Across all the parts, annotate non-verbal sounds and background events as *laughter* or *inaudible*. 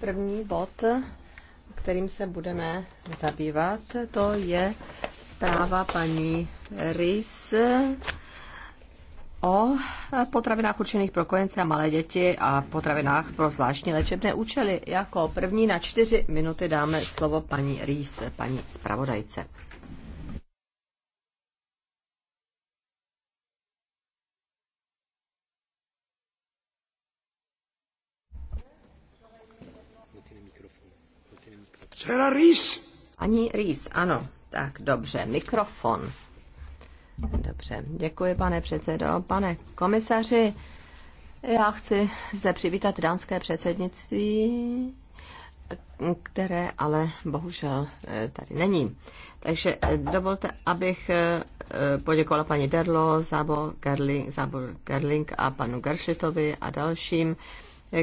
První bod, kterým se budeme zabývat, to je zpráva paní Rys o potravinách určených pro kojence a malé děti a potravinách pro zvláštní léčebné účely. Jako první na čtyři minuty dáme slovo paní Rýs, paní zpravodajce. Včera Rýs. Ani rýs. ano. Tak dobře, mikrofon. Dobře, děkuji pane předsedo. Pane komisaři, já chci zde přivítat dánské předsednictví, které ale bohužel eh, tady není. Takže eh, dovolte, abych eh, poděkovala paní Derlo, Zabo Gerling, Zabo Gerling a panu Geršitovi a dalším,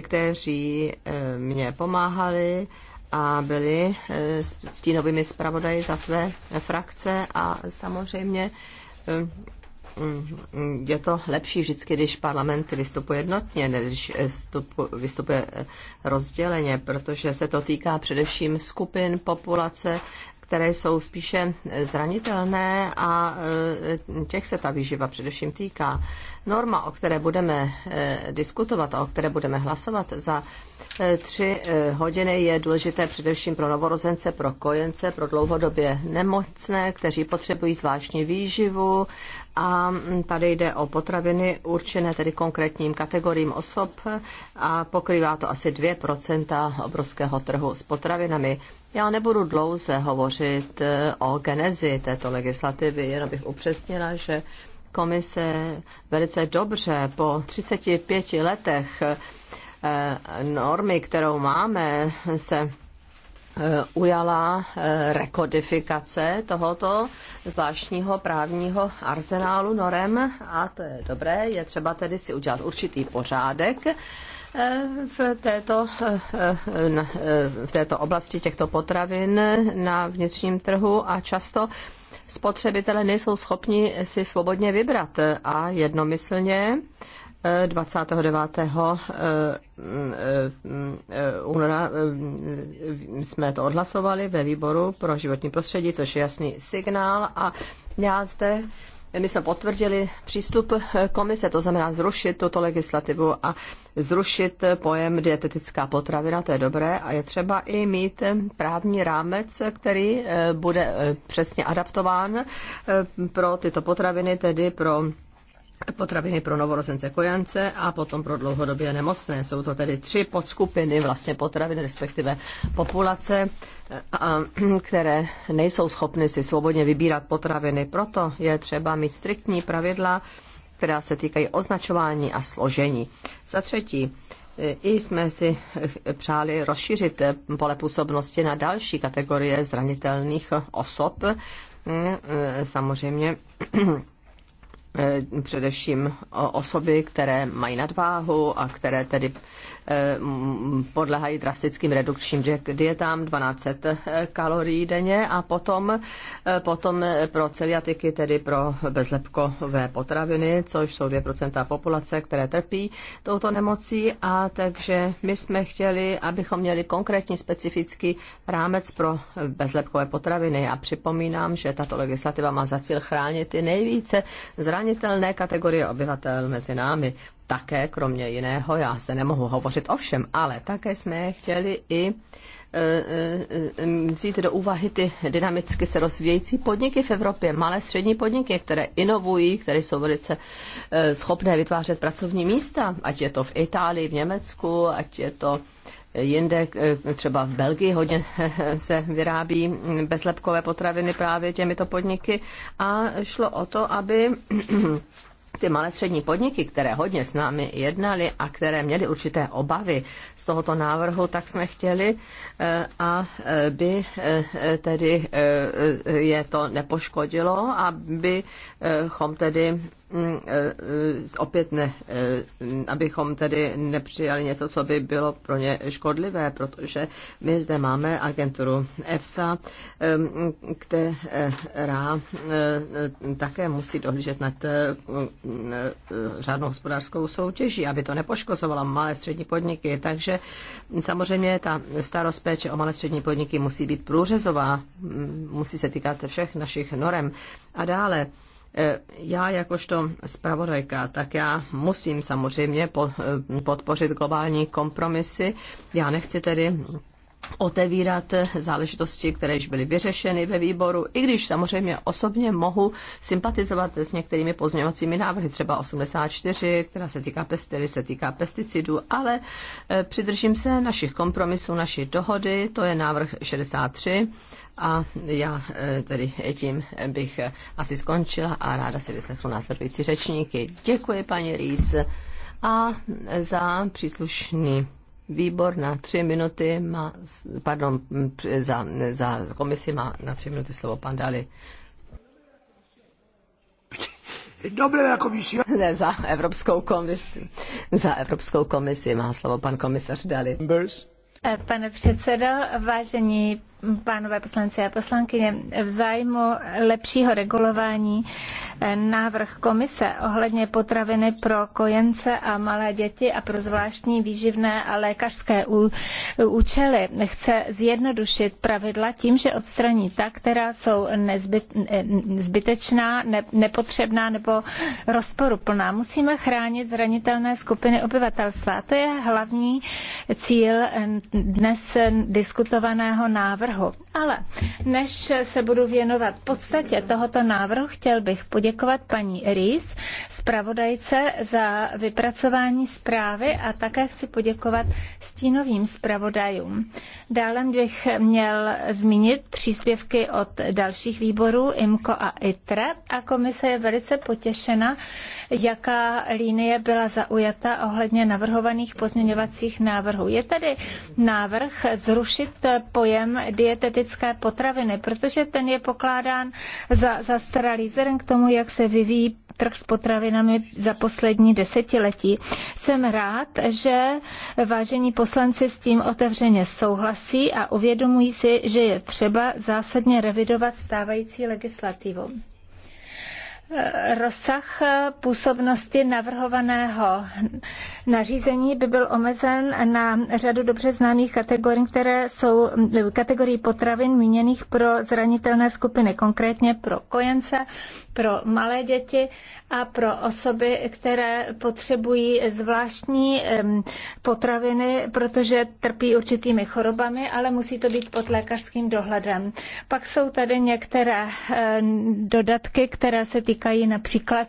kteří mě pomáhali a byli eh, stínovými zpravodaji za své frakce a samozřejmě eh, mm, je to lepší vždycky, když parlament vystupuje jednotně, než když eh, vystupuje rozděleně, protože se to týká především skupin populace, které jsou spíše zranitelné a e, těch se ta výživa především týká. Norma, o které budeme e, diskutovat a o které budeme hlasovat za e, tři hodiny, je důležité především pro novorozence, pro kojence, pro dlouhodobě nemocné, kteří potřebují zvláštní výživu a tady jde o potraviny určené tedy konkrétním kategoriím osob a pokrývá to asi 2% obrovského trhu s potravinami. Já nebudu dlouze hovořit eh, o genezi této legislativy, jenom bych upřesnila, že komise velice dobře po 35 letech eh, normy, kterou máme, se Eh, ujala eh, rekodifikace tohoto zvláštního právního arzenálu norem a to je dobré, je třeba tedy si udělat určitý pořádek eh, v této, v této oblasti těchto potravin na vnitřním trhu a často spotřebitelé nejsou schopni si svobodně vybrat a jednomyslně 29. Eh, eh, eh, února jsme to odhlasovali ve výboru pro životní prostředí, což je jasný signál a já zde my jsme potvrdili přístup komise, to znamená zrušit tuto legislativu a zrušit pojem dietetická potravina, to je dobré a je třeba i mít právní rámec, který bude přesně adaptován pro tyto potraviny, tedy pro potraviny pro novorozence kojance a potom pro dlouhodobě nemocné. Jsou to tedy tři podskupiny vlastně potravin, respektive populace, a, které nejsou schopny si svobodně vybírat potraviny. Proto je třeba mít striktní pravidla, která se týkají označování a složení. Za třetí, i jsme si přáli rozšířit pole působnosti na další kategorie zranitelných osob. Samozřejmě Eh, především osoby, které mají nadváhu a které tedy Eh, podlehají drastickým redukčním dietám 12 kalorií denně a potom, eh, potom eh, pro celiatiky, tedy pro bezlepkové potraviny, což jsou 2% populace, které trpí touto nemocí a takže my jsme chtěli, abychom měli konkrétní specifický rámec pro bezlepkové potraviny a připomínám, že tato legislativa má za cíl chránit ty nejvíce zranitelné kategorie obyvatel mezi námi také, kromě jiného, já zde nemohu hovořit o všem, ale také jsme chtěli i e, e, e, vzít do úvahy ty dynamicky se rozvíjející podniky v Evropě, malé střední podniky, které inovují, které jsou velice schopné vytvářet pracovní místa, ať je to v Itálii, v Německu, ať je to jinde, třeba v Belgii hodně *laughs* se vyrábí bezlepkové potraviny právě těmito podniky a šlo o to, aby ty malé střední podniky, které hodně s námi jednali a které měly určité obavy z tohoto návrhu, tak jsme chtěli, eh, by eh, tedy eh, je to nepoškodilo, abychom tedy Mm, eh, eh, opět ne, eh, mm, abychom tedy nepřijali něco, co by bylo pro ně škodlivé, protože my zde máme agenturu EFSA, mm, která také musí dohlížet nad řádnou hospodářskou soutěží, aby to nepoškozovalo malé střední podniky. Takže samozřejmě ta starost péče o malé střední podniky musí být průřezová, musí se týkat všech našich norem. A dále, E, já jakožto zpravodajka, tak já musím samozřejmě e, podpořit globální kompromisy. Já nechci tedy otevírat záležitosti, které již byly vyřešeny ve výboru, i když samozřejmě osobně mohu sympatizovat s některými pozměňovacími návrhy, třeba 84, která se týká pestily, se týká pesticidů, ale e, přidržím se našich kompromisů, naší dohody, to je návrh 63 a já eh, tedy tím bych asi skončila a ráda si vyslechnu následující řečníky. Děkuji, paní Rýs, a za příslušný výbor na tři minuty má, pardon, za, za komisi má na tři minuty slovo pan Dali. Ne, za Evropskou komisi. Za Evropskou komisi má slovo pan komisař Dali. Pane předsedo, vážení pánové poslanci a poslankyně, v zájmu lepšího regulování eh, návrh komise ohledně potraviny pro kojence a malé děti a pro zvláštní výživné a lékařské účely chce zjednodušit pravidla tím, že odstraní ta, která jsou nezbyt, eh, zbytečná, ne, nepotřebná nebo rozporuplná. Musíme chránit zranitelné skupiny obyvatelstva. A to je hlavní cíl eh, dnes diskutovaného návrhu návrhu. Ale než se budu věnovat podstatě tohoto návrhu, chtěl bych poděkovat paní Rýs, zpravodajce, za vypracování zprávy a také chci poděkovat stínovým zpravodajům. Dále bych měl zmínit příspěvky od dalších výborů IMCO a ITRE a komise je velice potěšena, jaká línie byla zaujata ohledně navrhovaných pozměňovacích návrhů. Je tady návrh zrušit pojem dietetické potraviny, protože ten je pokládán za zastaralý vzhledem k tomu, jak se vyvíjí trh s potravinami za poslední desetiletí. Jsem rád, že vážení poslanci s tím otevřeně souhlasí a uvědomují si, že je třeba zásadně revidovat stávající legislativu. Rozsah působnosti navrhovaného nařízení by byl omezen na řadu dobře známých kategorií, které jsou kategorii potravin míněných pro zranitelné skupiny, konkrétně pro kojence, pro malé děti a pro osoby, které potřebují zvláštní potraviny, protože trpí určitými chorobami, ale musí to být pod lékařským dohledem. Pak jsou tady některé dodatky, které se týkají například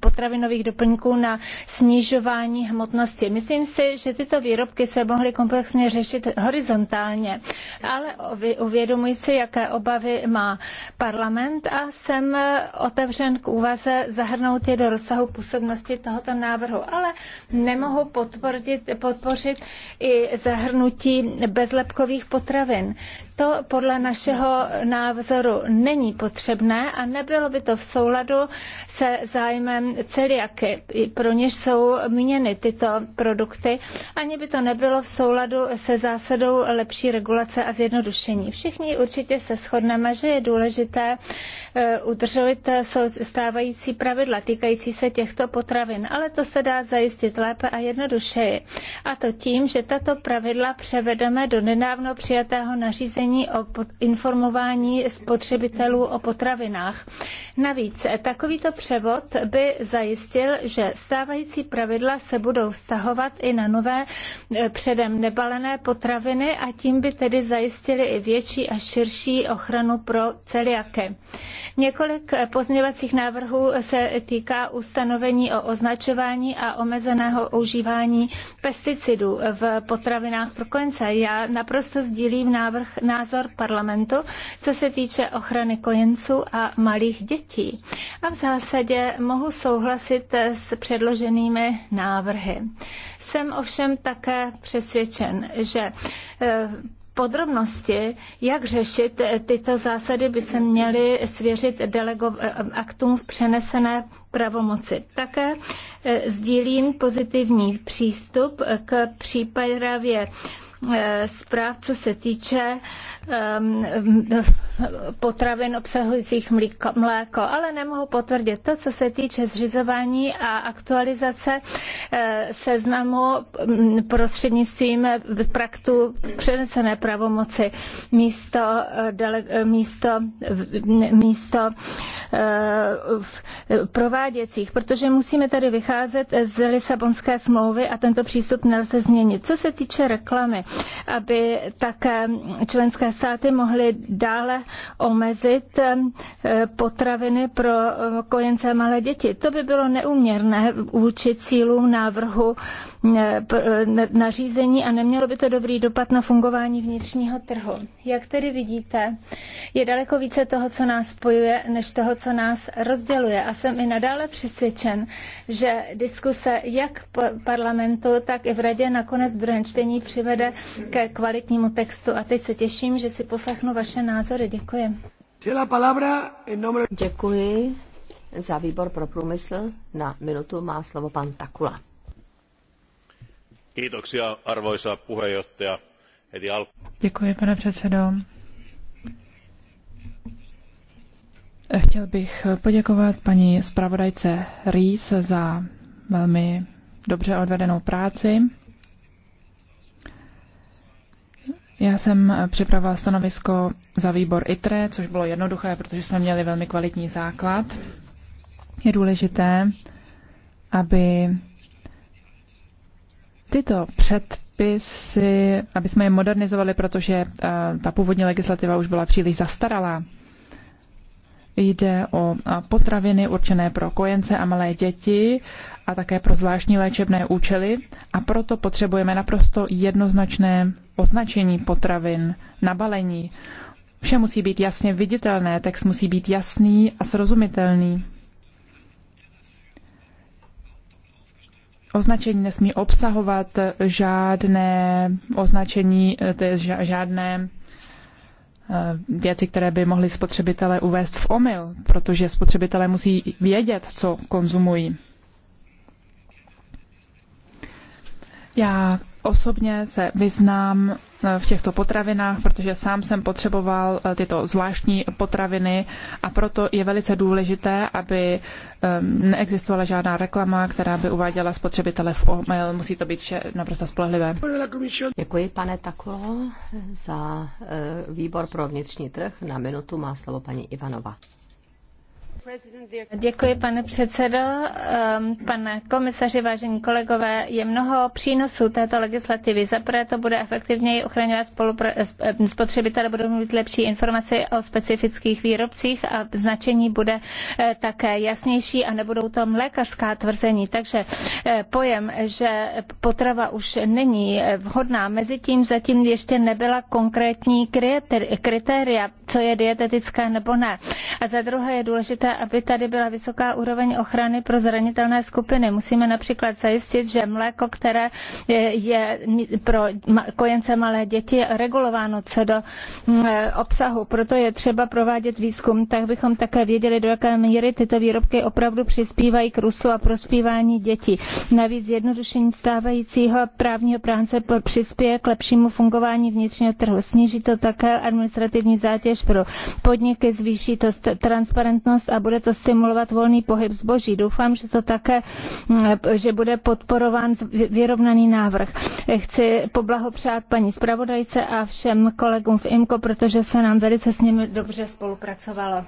potravinových doplňků na snižování hmotnosti. Myslím si, že tyto výrobky se mohly komplexně řešit horizontálně, ale uvědomuji si, jaké obavy má parlament a jsem otevřen k úvaze zahrnout je do rozsahu působnosti tohoto návrhu, ale nemohu podpořit i zahrnutí bezlepkových potravin. To podle našeho názoru není potřebné a nebylo by to v souladu se zájmem celiaky, pro něž jsou měny tyto produkty, ani by to nebylo v souladu se zásadou lepší regulace a zjednodušení. Všichni určitě se shodneme, že je důležité eh, udržovat stávající pravidla týkající se těchto potravin, ale to se dá zajistit lépe a jednodušeji. A to tím, že tato pravidla převedeme do nedávno přijatého nařízení opatření o informování spotřebitelů o potravinách. Navíc takovýto převod by zajistil, že stávající pravidla se budou vztahovat i na nové e, předem nebalené potraviny a tím by tedy zajistili i větší a širší ochranu pro celiaky. Několik pozměvacích návrhů se týká ustanovení o označování a omezeného užívání pesticidů v potravinách pro kojence. Já naprosto sdílím návrh na názor parlamentu, co se týče ochrany kojenců a malých dětí. A v zásadě mohu souhlasit s předloženými návrhy. Jsem ovšem také přesvědčen, že eh, podrobnosti, jak řešit eh, tyto zásady, by se měly svěřit delego- eh, aktům v přenesené pravomoci. Také sdílím pozitivní přístup k přípravě Eh, zpráv, co se týče ehm, potravin obsahujících mléko, ale nemohu potvrdit to, co se týče zřizování a aktualizace eh, seznamu prostřednictvím praktu přenesené pravomoci místo, eh, místo, místo prováděcích, protože musíme tady vycházet z Lisabonské smlouvy a tento přístup nelze změnit. Co se týče reklamy, aby také členské státy mohly dále omezit eh, potraviny pro eh, kojence malé děti. To by bylo neuměrné vůči cílům návrhu eh, nařízení a nemělo by to dobrý dopad na fungování vnitřního trhu. Jak tedy vidíte, je daleko více toho, co nás spojuje, než toho, co nás rozděluje. A jsem i nadále přesvědčen, že diskuse jak parlamentu, tak i v radě nakonec v druhém čtení přivede ke kvalitnímu textu a teď se těším, že si poslechnu vaše názory. Děkuji. Děkuji. Za výbor pro průmysl na minutu má slovo pan Takula. Děkuji, pane předsedo. Chtěl bych poděkovat paní zpravodajce Rýs za velmi dobře odvedenou práci. Já jsem připravila stanovisko za výbor ITRE, což bylo jednoduché, protože jsme měli velmi kvalitní základ. Je důležité, aby tyto předpisy, aby jsme je modernizovali, protože eh, ta původní legislativa už byla příliš zastaralá. Jde o potraviny určené pro kojence a malé děti a také pro zvláštní léčebné účely a proto potřebujeme naprosto jednoznačné označení potravin, na balení Vše musí být jasně viditelné, text musí být jasný a srozumitelný. Označení nesmí obsahovat žádné označení, to je žádné Eh, věci, které by mohly spotřebitele uvést v omyl, protože spotřebitelé musí vědět, co konzumují. Já osobně se vyznám eh, v těchto potravinách, protože sám jsem potřeboval eh, tyto zvláštní potraviny a proto je velice důležité, aby ehm, neexistovala žádná reklama, která by uváděla spotřebitele v omyl. Musí to být vše naprosto spolehlivé. Děkuji, pane Taklo, za eh, výbor pro vnitřní trh. Na minutu má slovo paní Ivanova. Děkuji, pane předsedo, ehm, pane komisaři, vážení kolegové. Je mnoho přínosů této legislativy. Za prvé to bude efektivněji ochraňovat eh, spotřebitele, budou mít lepší informace o specifických výrobcích a značení bude eh, také jasnější a nebudou tam lékařská tvrzení. Takže eh, pojem, že potrava už není vhodná, mezi tím zatím ještě nebyla konkrétní kritéria, co je dietetické nebo ne. A za druhé je důležité, aby tady byla vysoká úroveň ochrany pro zranitelné skupiny. Musíme například zajistit, že mléko, které je pro kojence malé děti regulováno co do mm, obsahu, proto je třeba provádět výzkum, tak bychom také věděli, do jaké míry tyto výrobky opravdu přispívají k růstu a prospívání dětí. Navíc zjednodušení stávajícího právního práce přispěje k lepšímu fungování vnitřního trhu. Sníží to také administrativní zátěž pro podniky, zvýší to transparentnost a bude to stimulovat volný pohyb zboží. Doufám, že to také, mm, že bude podporován vyrovnaný návrh. Chci poblahopřát paní zpravodajce a všem kolegům v IMKO, protože se nám velice s nimi dobře spolupracovalo.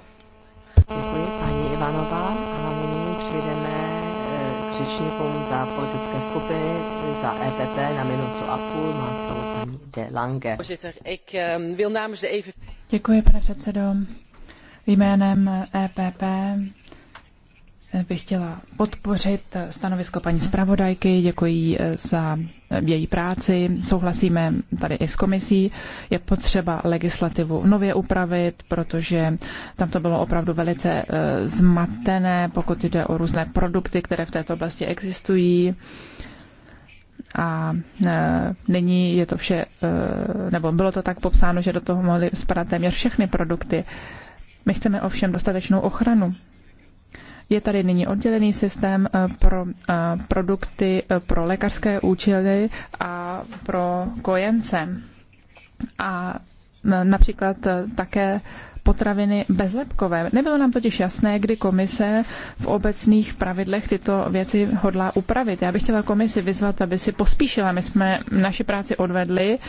Děkuji paní Ivanová a nyní přijdeme eh, k řečníkům za politické skupiny, za EPP na minutu a půl má slovo paní De Lange. Ehm, e Děkuji, pane předsedo. Jménem EPP bych chtěla podpořit stanovisko paní zpravodajky, děkuji eh, za eh, její práci, souhlasíme tady i s komisí, je potřeba legislativu nově upravit, protože tam to bylo opravdu velice eh, zmatené, pokud jde o různé produkty, které v této oblasti existují a nyní je to vše, nebo bylo to tak popsáno, že do toho mohly spadat téměř všechny produkty. My chceme ovšem dostatečnou ochranu. Je tady nyní oddělený systém eh, pro eh, produkty eh, pro lékařské účely a pro kojence. A například také potraviny bezlepkové. Nebylo nám totiž jasné, kdy komise v obecných pravidlech tyto věci hodlá upravit. Já bych chtěla komisi vyzvat, aby si pospíšila. My jsme naši práci odvedli,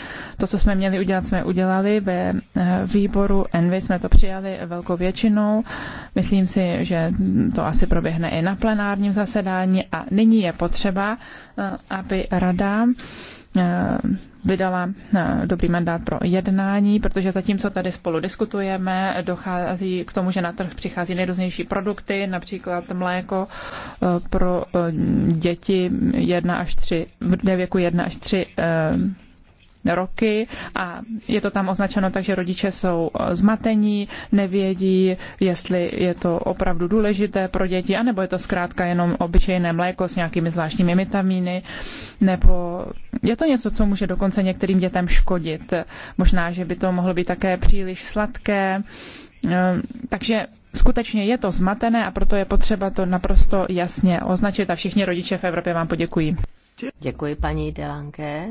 to, co jsme měli udělat, jsme udělali. Ve eh, výboru Envy jsme to přijali velkou většinou. Myslím si, že to asi proběhne i na plenárním zasedání a nyní je potřeba, eh, aby rada eh, vydala eh, dobrý mandát pro jednání, protože zatímco tady spolu diskutujeme, dochází k tomu, že na trh přichází nejrůznější produkty, například mléko eh, pro eh, děti 1 až 3, ve věku 1 až 3 roky a je to tam označeno tak, že rodiče jsou eh, zmatení, nevědí, jestli je to opravdu důležité pro děti, anebo je to zkrátka jenom obyčejné mléko s nějakými zvláštními vitamíny, nebo je to něco, co může dokonce některým dětem škodit. Možná, že by to mohlo být také příliš sladké, eh, takže skutečně je to zmatené a proto je potřeba to naprosto jasně označit a všichni rodiče v Evropě vám poděkují. Děkuji paní Delanke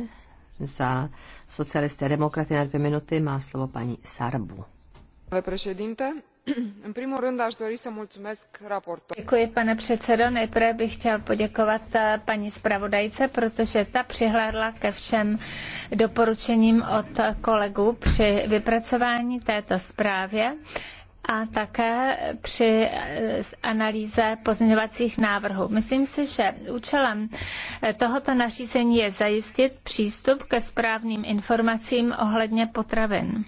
za socialisty a demokraty na dvě minuty má slovo paní Sarbu. Děkuji, pane předsedo. Nejprve bych chtěl poděkovat eh, paní zpravodajce, protože ta přihlédla ke všem doporučením od kolegů při vypracování této zprávě a také při eh, analýze pozměňovacích návrhů. Myslím si, že účelem eh, tohoto nařízení je zajistit přístup ke správným informacím ohledně potravin.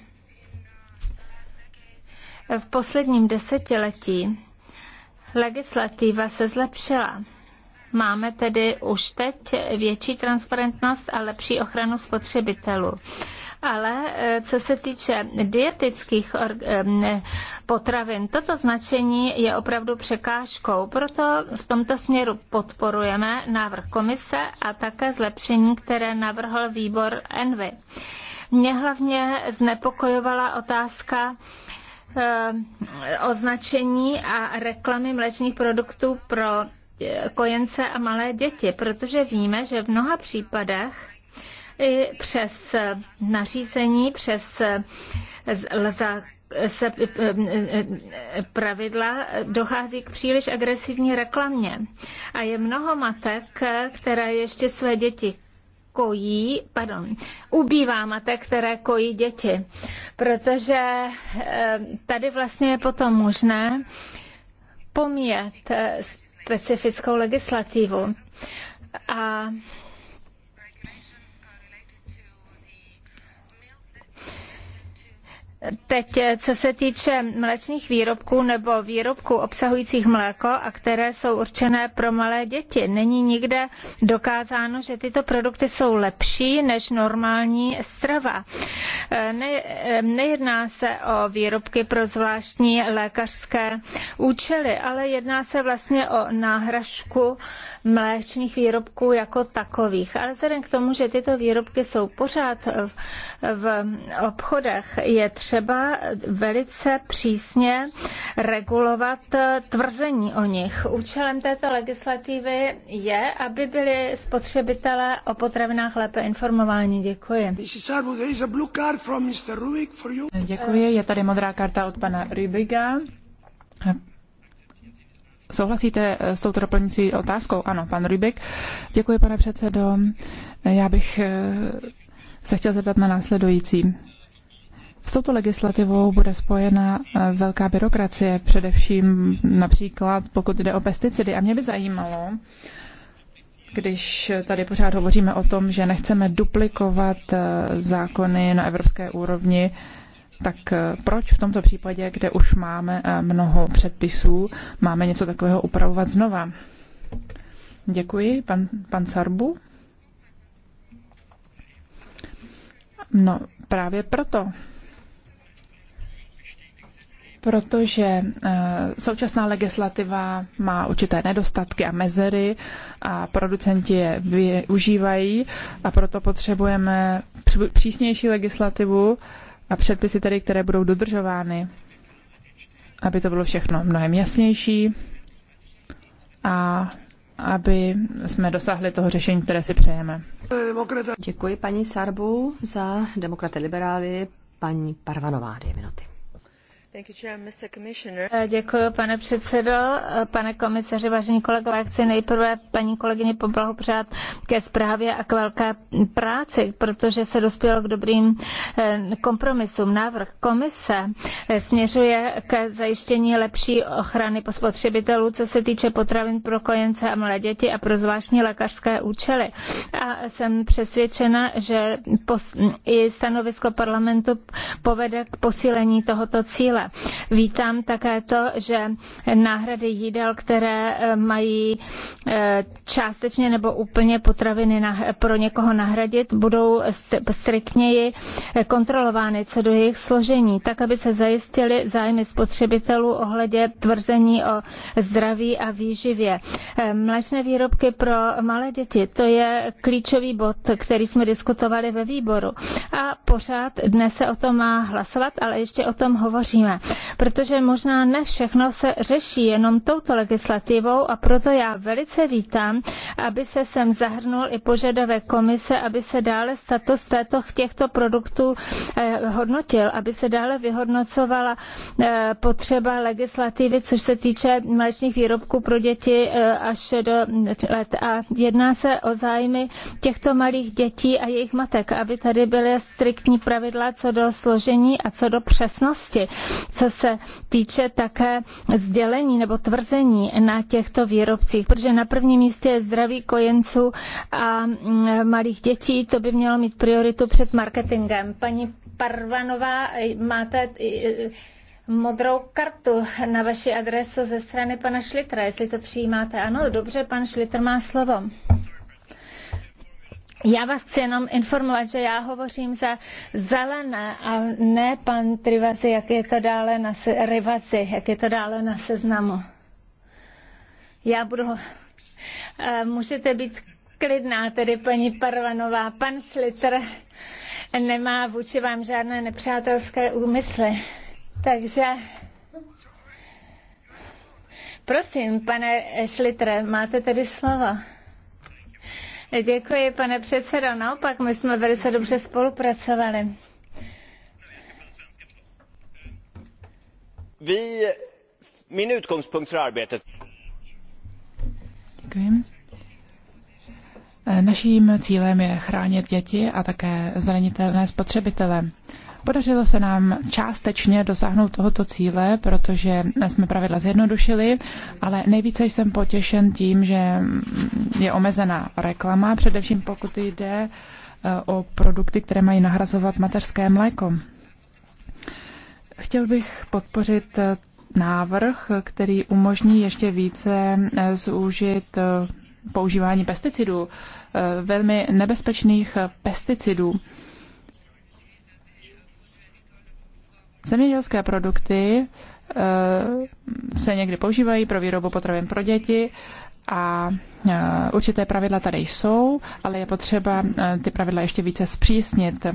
V posledním desetiletí legislativa se zlepšila Máme tedy už teď větší transparentnost a lepší ochranu spotřebitelů. Ale eh, co se týče dietických eh, potravin, toto značení je opravdu překážkou. Proto v tomto směru podporujeme návrh komise a také zlepšení, které navrhl výbor Envy. Mě hlavně znepokojovala otázka, eh, označení a reklamy mléčných produktů pro kojence a malé děti, protože víme, že v mnoha případech i přes nařízení, přes lza se e, e, e, pravidla dochází k příliš agresivní reklamě. A je mnoho matek, které ještě své děti kojí, pardon, ubývá matek, které kojí děti. Protože tady vlastně je potom možné pomět specifickou legislativu. A Teď, eh, co se týče mléčných výrobků nebo výrobků obsahujících mléko a které jsou určené pro malé děti, není nikde dokázáno, že tyto produkty jsou lepší než normální strava. Eh, ne, eh, nejedná se o výrobky pro zvláštní lékařské účely, ale jedná se vlastně o náhražku mléčných výrobků jako takových. Ale vzhledem k tomu, že tyto výrobky jsou pořád v, v obchodech, je třeba třeba velice přísně regulovat tvrzení o nich. Účelem této legislativy je, aby byli spotřebitelé o potravinách lépe informováni. Děkuji. Děkuji, je tady modrá karta od pana Rybiga. Souhlasíte eh, s touto doplňující otázkou? Ano, pan Rybik. Děkuji, pane předsedo. Já bych eh, se chtěl zeptat na následující. S touto legislativou bude spojena eh, velká byrokracie, především například pokud jde o pesticidy. A mě by zajímalo, když tady pořád hovoříme o tom, že nechceme duplikovat eh, zákony na evropské úrovni, tak eh, proč v tomto případě, kde už máme mnoho předpisů, máme něco takového upravovat znova? Děkuji. Pan, pan Sarbu? No, právě proto, protože eh, současná legislativa má určité nedostatky a mezery a producenti je využívají a proto potřebujeme přísnější legislativu a předpisy tedy, které budou dodržovány, aby to bylo všechno mnohem jasnější a aby jsme dosáhli toho řešení, které si přejeme. Děkuji paní Sarbu za demokraty liberály, paní Parvanová, dvě minuty. Eh, děkuji, pane předsedo, eh, pane komisaři, vážení kolegové. Chci nejprve paní kolegyně poblahopřát ke zprávě a k velké práci, protože se dospělo k dobrým eh, kompromisům. Návrh komise směřuje k zajištění lepší ochrany spotřebitelů, co se týče potravin pro kojence a mladé děti a pro zvláštní lékařské účely. A jsem přesvědčena, že i stanovisko parlamentu povede k posílení tohoto cíle cíle. Vítám také to, že náhrady jídel, které eh, mají eh, částečně nebo úplně potraviny pro někoho nahradit, budou striktněji eh, kontrolovány co do jejich složení, tak aby se zajistily zájmy spotřebitelů ohledě tvrzení o zdraví a výživě. Mléčné výrobky pro malé děti, to je klíčový bod, který jsme diskutovali ve výboru. A pořád dnes se o tom má hlasovat, ale ještě o tom hovoříme obtížné, protože možná ne všechno se řeší jenom touto legislativou a proto já velice vítám, aby se sem zahrnul i požadavek komise, aby se dále status této, těchto produktů eh, hodnotil, aby se dále vyhodnocovala eh, potřeba legislativy, což se týče mléčných výrobků pro děti eh, až do let. A jedná se o zájmy těchto malých dětí a jejich matek, aby tady byly striktní pravidla co do složení a co do přesnosti co se týče také sdělení nebo tvrzení na těchto výrobcích, protože na prvním místě je zdraví kojenců a mm, malých dětí, to by mělo mít prioritu před marketingem. Paní Parvanová, eh, máte eh, eh, modrou kartu na vaši adresu ze strany pana Šlitra, jestli to přijímáte. Ano, dobře, pan Šlitr má slovo. Já vás chci jenom informovat, že já hovořím za zelené a ne pan Trivazi, jak je to dále na se, Rivazi, jak je to dále na seznamu. Já budu... Eh, můžete být klidná, tedy paní Parvanová. Pan Šlitr nemá vůči vám žádné nepřátelské úmysly. Takže... Prosím, pane Šlitre, máte tedy slovo. Děkuji, pane předsedo. Naopak, my jsme velice dobře spolupracovali. Vy, min utgångspunkt för arbetet. Děkuji. E, naším cílem je chránit děti a také zranitelné spotřebitele. Podařilo se nám částečně dosáhnout tohoto cíle, protože jsme pravidla zjednodušili, ale nejvíce jsem potěšen tím, že je omezená reklama, především pokud jde eh, o produkty, které mají nahrazovat mateřské mléko. Chtěl bych podpořit eh, návrh, který umožní ještě více eh, zúžit používání pesticidů, velmi nebezpečných pesticidů. Zemědělské produkty eh, se někdy používají pro výrobu potravin pro děti a eh, určité pravidla tady jsou, ale je potřeba eh, ty pravidla ještě více zpřísnit.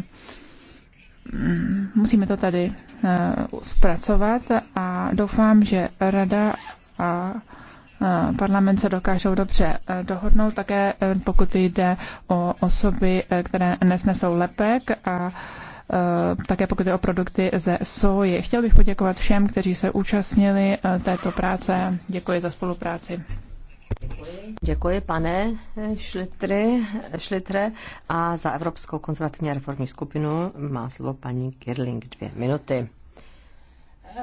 Mm, musíme to tady zpracovat a doufám, že Rada a parlament se dokážou dobře dohodnout, také pokud jde o osoby, které nesnesou lepek a Eh, také pokud je o produkty ze soji. Chtěl bych poděkovat všem, kteří se účastnili eh, této práce. Děkuji za spolupráci. Děkuji. Děkuji, pane Šlitry, Šlitre. A za Evropskou konzervativní reformní skupinu má slovo paní Kirling dvě minuty. Eh,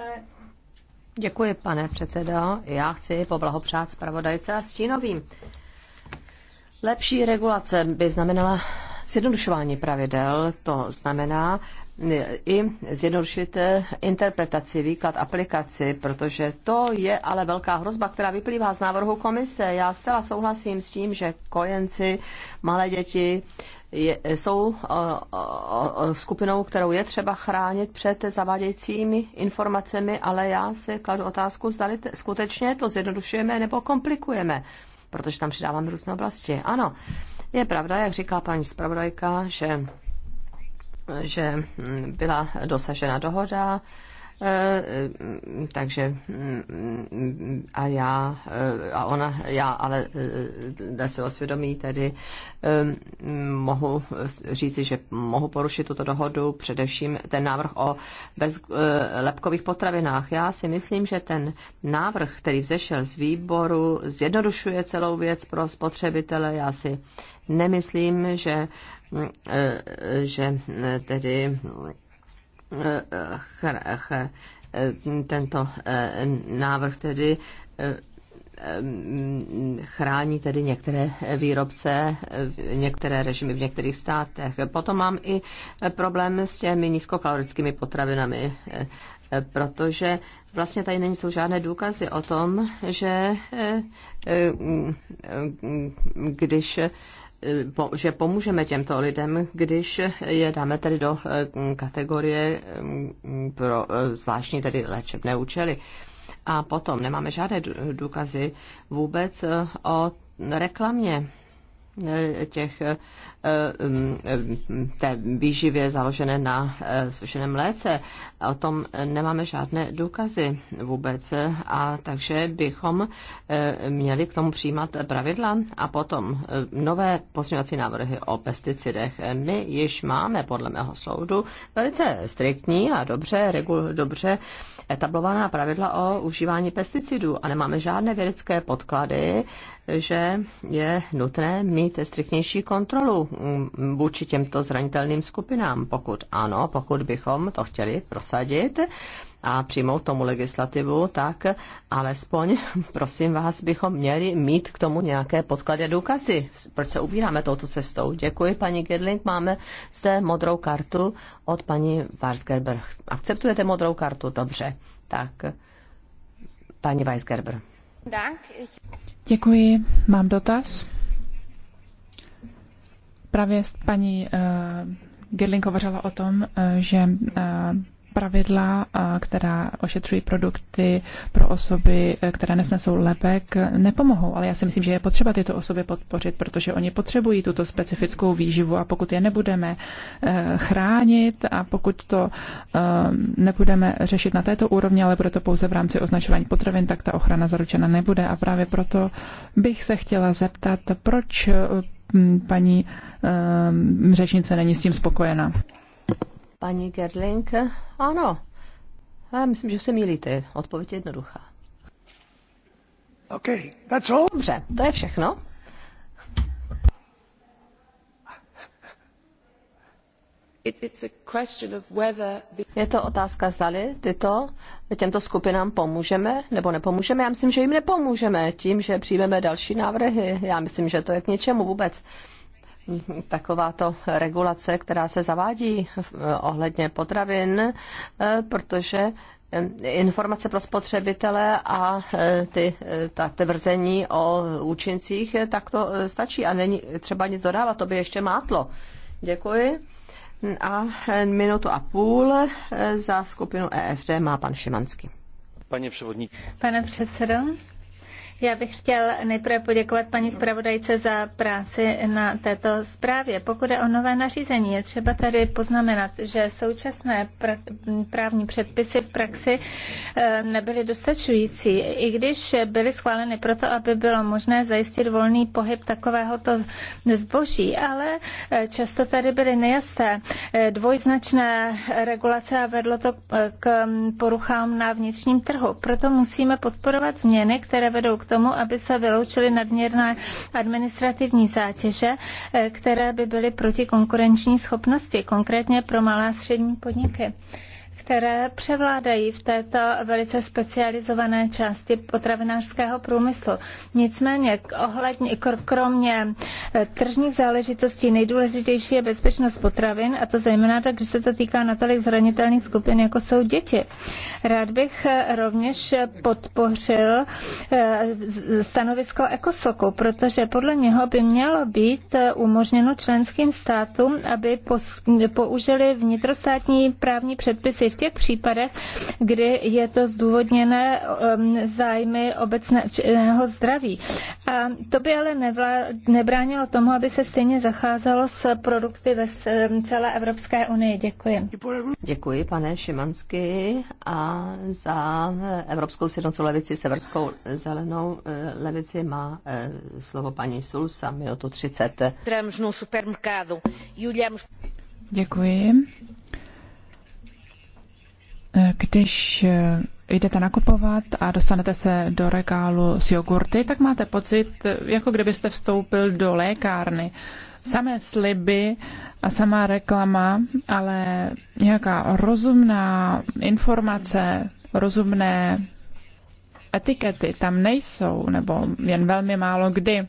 děkuji, pane předsedo. Já chci poblahopřát zpravodajce a stínovým. Lepší regulace by znamenala Zjednodušování pravidel, to znamená eh, i zjednodušit eh, interpretaci, výklad, aplikaci, protože to je ale velká hrozba, která vyplývá z návrhu komise. Já zcela souhlasím s tím, že kojenci, malé děti, je, jsou eh, skupinou, kterou je třeba chránit před zavádějícími informacemi, ale já si kladu otázku, zda skutečně to zjednodušujeme nebo komplikujeme, protože tam přidáváme různé oblasti. Ano, je pravda, jak říká paní zpravodajka, že že byla dosažena dohoda Eh, takže mm, a já, eh, a ona, já ale eh, dá se osvědomí tedy mohu říci, že mohu porušit tuto dohodu, především ten návrh o bezlepkových potravinách. Já si myslím, že ten návrh, který vzešel z výboru, zjednodušuje celou věc pro spotřebitele. Já si nemyslím, že mm, že mm, tedy tento eh, návrh tedy eh, chrání tedy některé výrobce, některé režimy v některých státech. Potom mám i problém s těmi nízkokalorickými potravinami, eh, protože vlastně tady nejsou žádné důkazy o tom, že když že pomůžeme těmto lidem, když je dáme tedy do eh, kategorie mm, pro eh, zvláštní tedy léčebné účely. A potom nemáme žádné důkazy vůbec eh, o reklamě těch eh, mm, eh, té výživě založené na eh, sušeném mléce. O tom nemáme žádné důkazy vůbec a takže bychom měli k tomu přijímat pravidla a potom nové pozměňovací návrhy o pesticidech. My již máme podle mého soudu velice striktní a dobře, regul, dobře etablovaná pravidla o užívání pesticidů a nemáme žádné vědecké podklady, že je nutné mít striktnější kontrolu mm, vůči těmto zranitelným skupinám. Pokud ano, pokud bychom to chtěli prosadit a přijmout tomu legislativu, tak alespoň, *laughs* prosím vás, bychom měli mít k tomu nějaké podklady a důkazy. Proč se ubíráme touto cestou? Děkuji, paní Gedling. Máme zde modrou kartu od paní Weisgerber. Akceptujete modrou kartu? Dobře. Tak, paní Weisgerber. Děkuji, mám dotaz. Právě paní uh, eh, Girling hovořila o tom, eh, že uh, pravidla, která ošetřují produkty pro osoby, e, které nesnesou lepek, nepomohou. Ale já si myslím, že je potřeba tyto osoby podpořit, protože oni potřebují tuto specifickou výživu a pokud je nebudeme e, chránit a pokud to e, nebudeme řešit na této úrovni, ale bude to pouze v rámci označování potravin, tak ta ochrana zaručena nebude. A právě proto bych se chtěla zeptat, proč paní řečnice není s tím spokojena. Paní Gerling, ano. Já myslím, že se mýlíte. Odpověď je jednoduchá. Okay, that's all. Dobře, to je všechno. Je to otázka, zdali tyto, těmto skupinám pomůžeme nebo nepomůžeme. Já myslím, že jim nepomůžeme tím, že přijmeme další návrhy. Já myslím, že to je k ničemu vůbec takováto regulace, která se zavádí ohledně potravin, eh, protože eh, informace pro spotřebitele a eh, ty, ta tvrzení o účincích, tak to stačí a není třeba nic dodávat, to by ještě mátlo. Děkuji. A minutu a půl za skupinu EFD má pan Šimanský. Pane předsedo, já bych chtěl nejprve poděkovat paní zpravodajce za práci na této zprávě. Pokud je o nové nařízení, je třeba tady poznamenat, že současné právní předpisy v praxi eh, nebyly dostačující, i když byly schváleny proto, aby bylo možné zajistit volný pohyb takovéhoto zboží, ale eh, často tady byly nejasté eh, dvojznačné regulace a vedlo to k hm, poruchám na vnitřním trhu. Proto musíme podporovat změny, které vedou k tomu, tomu, aby se vyloučily nadměrné administrativní zátěže, eh, které by byly proti konkurenční schopnosti, konkrétně pro malá a střední podniky které převládají v této velice specializované části potravinářského průmyslu. Nicméně ohledně, kromě eh, tržních záležitostí nejdůležitější je bezpečnost potravin a to zejména tak, když se to týká natolik zranitelných skupin, jako jsou děti. Rád bych eh, rovněž podpořil eh, stanovisko Ekosoku, protože podle něho by mělo být umožněno členským státům, aby použili vnitrostátní právní předpisy, v těch případech, kdy je to zdůvodněné um, zájmy obecného zdraví. A to by ale nebránilo tomu, aby se stejně zacházelo s produkty ve um, celé Evropské unii. Děkuji. Děkuji, pane Šimansky, a za Evropskou sjednocenou levici, Severskou zelenou eh, levici má eh, slovo paní Sulsa, to 30. E Děkuji když eh, jdete nakupovat a dostanete se do regálu s jogurty, tak máte pocit, jako kdybyste vstoupil do lékárny. Samé sliby a samá reklama, ale nějaká rozumná informace, rozumné etikety tam nejsou, nebo jen velmi málo kdy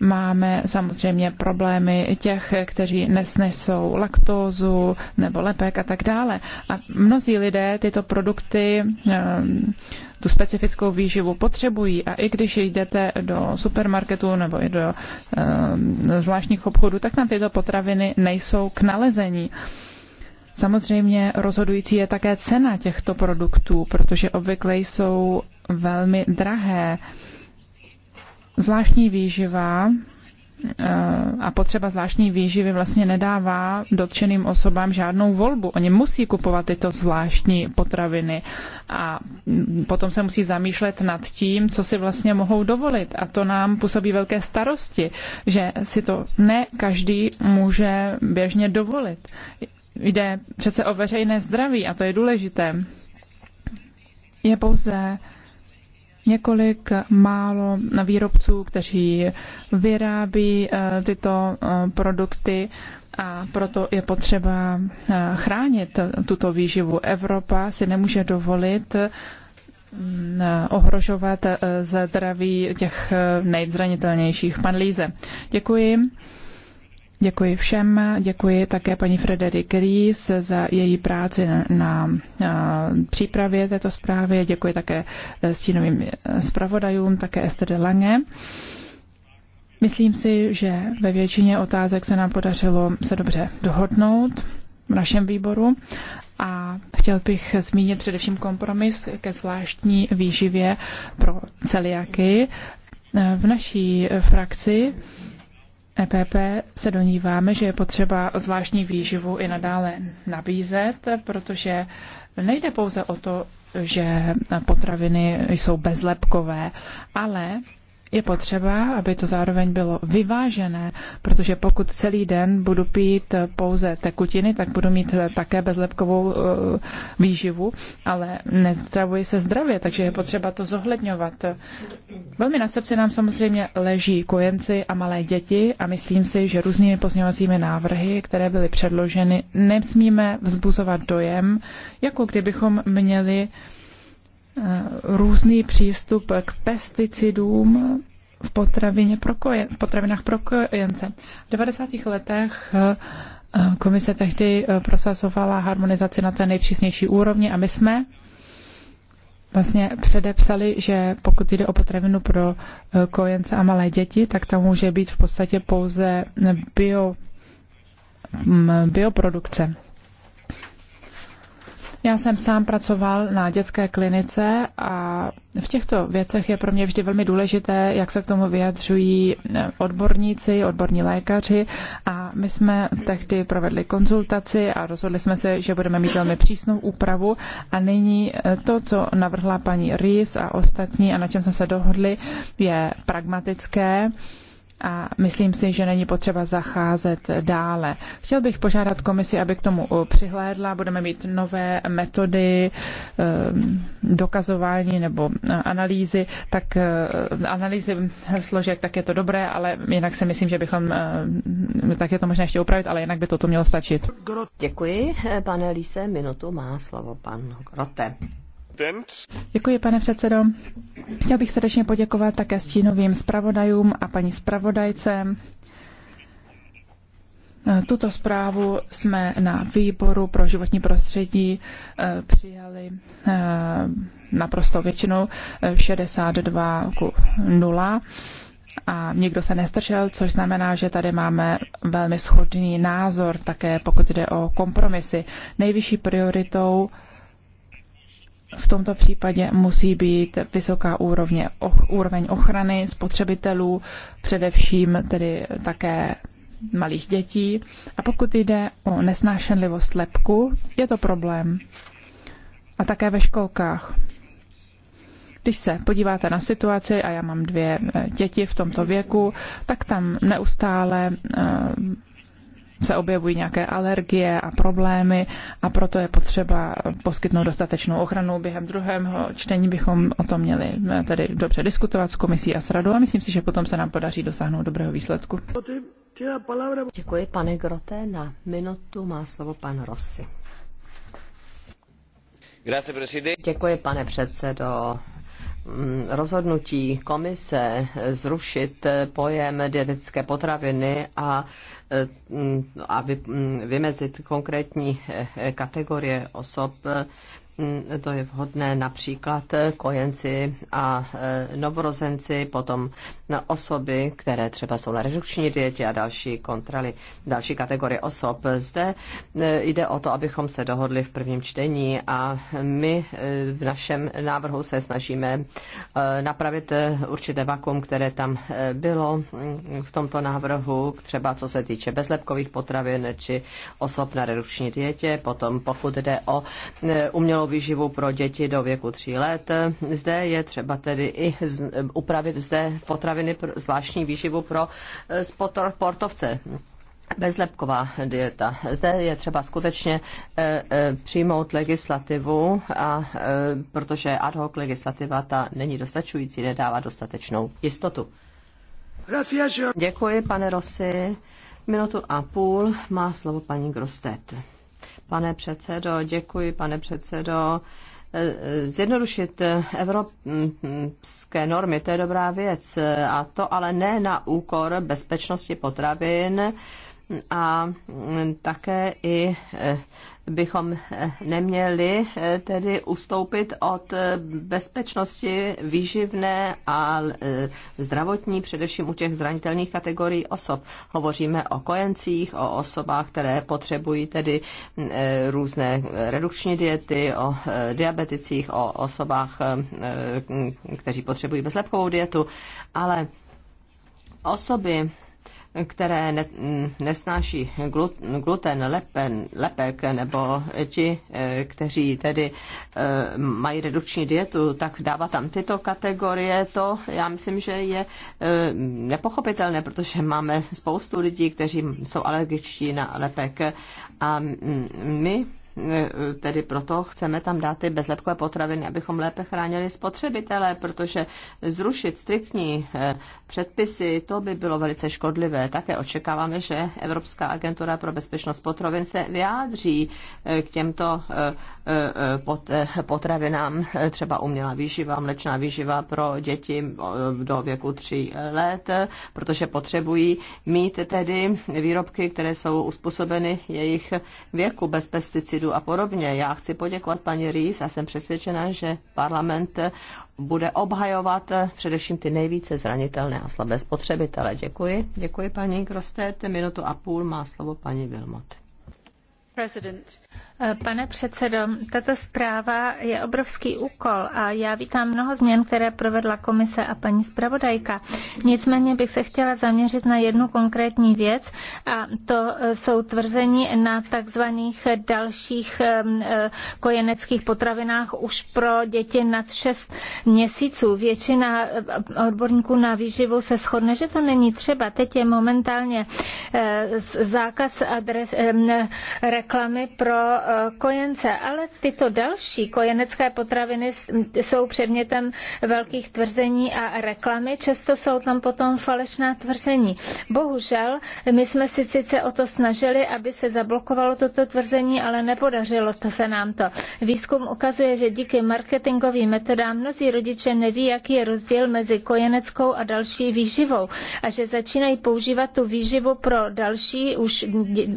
máme samozřejmě problémy těch, kteří nesnesou laktózu nebo lepek a tak dále. A mnozí lidé tyto produkty, ehm, tu specifickou výživu potřebují a i když jdete do supermarketu nebo i do ehm, zvláštních obchodů, tak tam tyto potraviny nejsou k nalezení. Samozřejmě rozhodující je také cena těchto produktů, protože obvykle jsou velmi drahé. Zvláštní výživa eh, a potřeba zvláštní výživy vlastně nedává dotčeným osobám žádnou volbu. Oni musí kupovat tyto zvláštní potraviny a potom se musí zamýšlet nad tím, co si vlastně mohou dovolit. A to nám působí velké starosti, že si to ne každý může běžně dovolit. Jde přece o veřejné zdraví a to je důležité. Je pouze několik málo výrobců, kteří vyrábí eh, tyto eh, produkty a proto je potřeba eh, chránit tuto výživu. Evropa si nemůže dovolit mm, ohrožovat zdraví těch nejzranitelnějších. Pan Líze, děkuji. Děkuji všem, děkuji také paní Frederik Ries za její práci na, na, na přípravě této zprávy, děkuji také stínovým zpravodajům, také Esther Lange. Myslím si, že ve většině otázek se nám podařilo se dobře dohodnout v našem výboru a chtěl bych zmínit především kompromis ke zvláštní výživě pro celiaky. V naší frakci EPP se doníváme, že je potřeba zvláštní výživu i nadále nabízet, protože nejde pouze o to, že potraviny jsou bezlepkové, ale je potřeba, aby to zároveň bylo vyvážené, protože pokud celý den budu pít pouze tekutiny, tak budu mít také bezlepkovou eh, výživu, ale nezdravuji se zdravě, takže je potřeba to zohledňovat. Velmi na srdci nám samozřejmě leží kojenci a malé děti a myslím si, že různými pozměvacími návrhy, které byly předloženy, nesmíme vzbuzovat dojem, jako kdybychom měli Eh, různý přístup k pesticidům v, potravině pro koje, v potravinách pro kojence. V 90. letech eh, komise tehdy eh, prosazovala harmonizaci na té nejpřísnější úrovni a my jsme vlastně předepsali, že pokud jde o potravinu pro kojence a malé děti, tak tam může být v podstatě pouze bio, mm, bioprodukce. Já jsem sám pracoval na dětské klinice a v těchto věcech je pro mě vždy velmi důležité, jak se k tomu vyjadřují eh, odborníci, odborní lékaři a my jsme tehdy provedli konzultaci a rozhodli jsme se, že budeme mít velmi přísnou úpravu a nyní eh, to, co navrhla paní Rýs a ostatní a na čem jsme se dohodli, je pragmatické a myslím si, že není potřeba zacházet dále. Chtěl bych požádat komisi, aby k tomu přihlédla. Budeme mít nové metody eh, dokazování nebo eh, analýzy, tak eh, analýzy složek, tak je to dobré, ale jinak si myslím, že bychom, tak je to možná ještě upravit, ale jinak by toto mělo stačit. Děkuji, pane Lise, minutu má slovo pan Grote. Děkuji, pane předsedo. Chtěl bych srdečně poděkovat také stínovým zpravodajům a paní zpravodajce. Tuto zprávu jsme na výboru pro životní prostředí eh, přijali eh, naprosto většinou 62 eh, ku 0 a nikdo se nestržel, což znamená, že tady máme velmi shodný názor také, pokud jde o kompromisy. Nejvyšší prioritou v tomto případě musí být vysoká úrovně, och, úroveň ochrany spotřebitelů, především tedy také malých dětí. A pokud jde o nesnášenlivost lepku, je to problém. A také ve školkách. Když se podíváte na situaci, a já mám dvě e, děti v tomto věku, tak tam neustále e, se objevují nějaké alergie a problémy a proto je potřeba poskytnout dostatečnou ochranu. Během druhého čtení bychom o tom měli eh, tedy dobře diskutovat s komisí a s radou a myslím si, že potom se nám podaří dosáhnout dobrého výsledku. Děkuji, pane Grote. Na minutu má slovo pan Rossi. Děkuji, pane předsedo. Mm, rozhodnutí komise zrušit pojem dietetické potraviny a, mm, a vy, mm, vymezit konkrétní eh, kategorie osob, Mm, to je vhodné například kojenci a e, novorozenci, potom na osoby, které třeba jsou na redukční dietě a další kontroly, další kategorie osob. Zde e, jde o to, abychom se dohodli v prvním čtení a my e, v našem návrhu se snažíme napravit určité vakuum, které tam bylo mm, v tomto návrhu, třeba co se týče bezlepkových potravin či osob na redukční dietě, potom pokud jde o umělou výživu pro děti do věku 3 let. Zde je třeba tedy i upravit zde potraviny, zvláštní výživu pro eh, sportovce bezlepková dieta. Zde je třeba skutečně e, e, přijmout legislativu, a, e, protože ad hoc legislativa ta není dostačující, nedává dostatečnou jistotu. Děkuji, pane Rossi. Minutu a půl má slovo paní Grostet. Pane předsedo, děkuji, pane předsedo. Zjednodušit evropské normy, to je dobrá věc, a to ale ne na úkor bezpečnosti potravin, a také i eh, bychom eh, neměli eh, tedy ustoupit od bezpečnosti výživné a zdravotní, především u těch zranitelných kategorií osob. Hovoříme o kojencích, o osobách, které potřebují tedy různé redukční diety, o diabeticích, o osobách, kteří potřebují bezlepkovou dietu, ale osoby, které ne, mm, nesnáší gluten, lepen, lepek nebo ti, eh, kteří tedy eh, mají redukční dietu, tak dává tam tyto kategorie, to já myslím, že je eh, nepochopitelné, protože máme spoustu lidí, kteří jsou alergičtí na lepek a mm, my E, tedy proto chceme tam dát ty bezlepkové potraviny, abychom lépe chránili spotřebitele, protože zrušit striktní e, předpisy, to by bylo velice škodlivé. Také očekáváme, že Evropská agentura pro bezpečnost potravin se vyjádří e, k těmto potravinám, třeba umělá výživa, mlečná výživa pro děti do věku 3 let, protože potřebují mít tedy výrobky, které jsou uspůsobeny jejich věku bez pesticidů pesticidů a podobně. Já chci poděkovat paní Rýs a jsem přesvědčena, že parlament bude obhajovat především ty nejvíce zranitelné a slabé spotřebitele. Děkuji. Děkuji paní Krostet. Minutu a půl má slovo paní Vilmot. Eh, pane předsedo, tato zpráva je obrovský úkol a já vítám mnoho změn, které provedla komise a paní zpravodajka. Nicméně bych se chtěla zaměřit na jednu konkrétní věc a to eh, jsou tvrzení na takzvaných dalších eh, kojeneckých potravinách už pro děti nad 6 měsíců. Většina odborníků na výživu se shodne, že to není třeba. Teď je momentálně zákaz adres, reklamy pro eh, kojence, ale tyto další kojenecké potraviny jsou předmětem velkých tvrzení a reklamy, často jsou tam potom falešná tvrzení. Bohužel, my jsme si sice o to snažili, aby se zablokovalo toto tvrzení, ale nepodařilo to se nám to. Výzkum ukazuje, že díky marketingovým metodám mnozí rodiče neví, jaký je rozdíl mezi kojeneckou a další výživou a že začínají používat tu výživu pro další, už,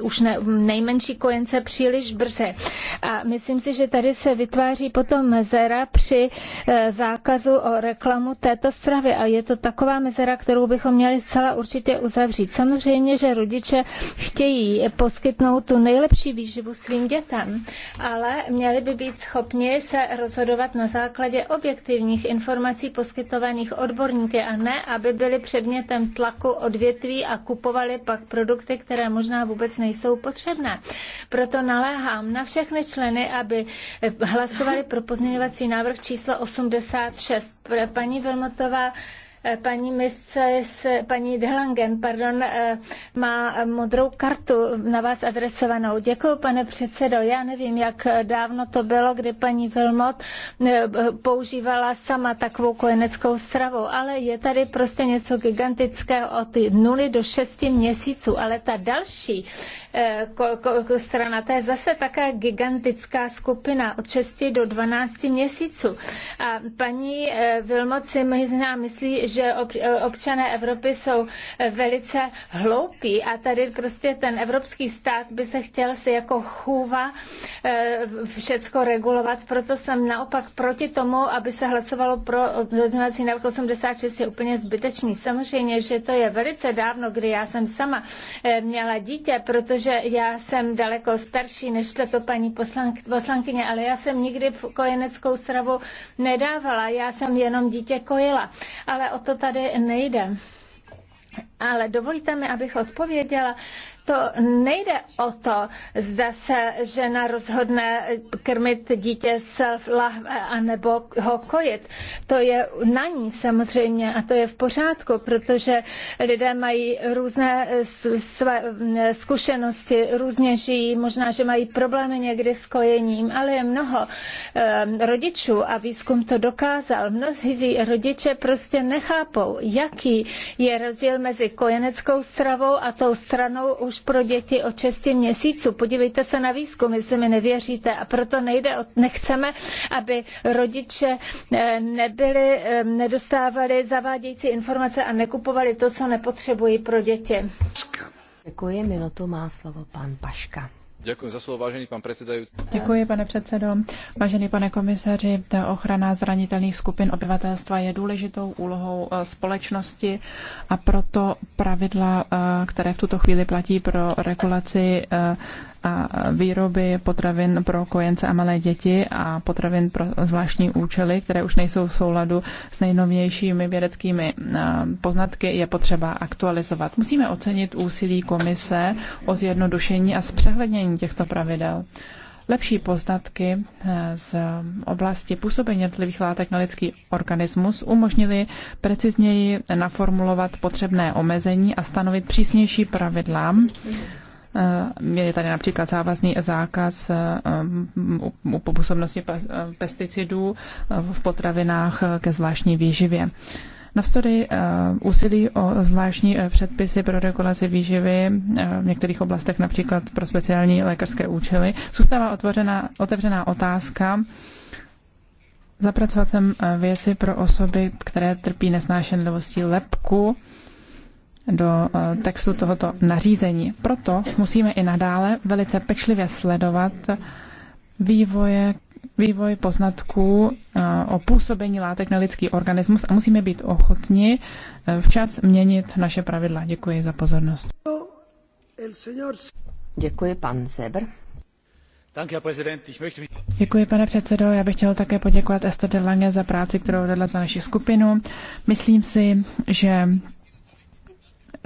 už ne, nejmenší spojence příliš brzy. A myslím si, že tady se vytváří potom mezera při eh, zákazu o reklamu této stravy a je to taková mezera, kterou bychom měli zcela určitě uzavřít. Samozřejmě, že rodiče chtějí poskytnout tu nejlepší výživu svým dětem, ale měli by být schopni se rozhodovat na základě objektivních informací poskytovaných odborníky a ne, aby byly předmětem tlaku odvětví a kupovali pak produkty, které možná vůbec nejsou potřebné. Proto naléhám na všechny členy, aby hlasovali pro pozměňovací návrh číslo 86. Paní Vilmotová Paní Mrs. paní Delangen, pardon, eh, má modrou kartu na vás adresovanou. Děkuji, pane předsedo. Já nevím, jak dávno to bylo, kdy paní Vilmot eh, používala sama takovou kojeneckou stravu, ale je tady prostě něco gigantického od 0 do 6 měsíců, ale ta další eh, strana, to je zase taková gigantická skupina od 6 do 12 měsíců. A paní Vilmot si možná myslí, že eh, občané Evropy jsou eh, velice hloupí a tady prostě ten evropský stát by se chtěl si jako chůva eh, všecko regulovat, proto jsem naopak proti tomu, aby se hlasovalo pro pozměňovací návrh 86 je úplně zbytečný. Samozřejmě, že to je velice dávno, kdy já jsem sama měla dítě, protože já jsem daleko starší než tato paní poslank, poslankyně, ale já jsem nikdy kojeneckou stravu nedávala, já jsem jenom dítě kojila. Ale o to tady nejde. Ale dovolte mi, abych odpověděla to nejde o to, zda se žena rozhodne krmit dítě s lahve nebo ho kojit. To je na ní samozřejmě a to je v pořádku, protože lidé mají různé své zkušenosti, různě žijí, možná, že mají problémy někdy s kojením, ale je mnoho rodičů a výzkum to dokázal. Mnozí rodiče prostě nechápou, jaký je rozdíl mezi kojeneckou stravou a tou stranou už už pro děti od 6 měsíců. Podívejte se na výzkum, jestli mi nevěříte. A proto nejde, o, nechceme, aby rodiče eh, nebyli, eh, nedostávali zavádějící informace a nekupovali to, co nepotřebují pro děti. Děkuji, minutu má slovo pan Paška. Děkuji za slovo, vážený pan předsedající. Děkuji, pane předsedo. Vážený pane komisaři, ochrana zranitelných skupin obyvatelstva je důležitou úlohou eh, společnosti a proto pravidla, eh, které v tuto chvíli platí pro regulaci eh, a výroby potravin pro kojence a malé děti a potravin pro zvláštní účely, které už nejsou v souladu s nejnovějšími vědeckými poznatky, je potřeba aktualizovat. Musíme ocenit úsilí komise o zjednodušení a zpřehlednění těchto pravidel. Lepší poznatky e, z oblasti působení jednotlivých látek na lidský organismus umožnily precizněji naformulovat potřebné omezení a stanovit přísnější pravidla Eh, je tady například závazný zákaz po eh, působnosti eh, pesticidů v potravinách ke zvláštní výživě. Navzdory úsilí o zvláštní předpisy pro regulaci výživy v některých oblastech, například pro speciální lékařské účely, zůstává otevřená, otevřená otázka, zapracovat sem věci pro osoby, které trpí nesnášenlivostí lepku, do eh, textu tohoto nařízení. Proto musíme i nadále velice pečlivě sledovat vývoje, vývoj poznatků eh, o působení látek na lidský organismus a musíme být ochotni eh, včas měnit naše pravidla. Děkuji za pozornost. Děkuji, pan Sebr. Děkuji, pane předsedo. Já bych chtěl také poděkovat Esther Lange za práci, kterou vedla za naši skupinu. Myslím si, že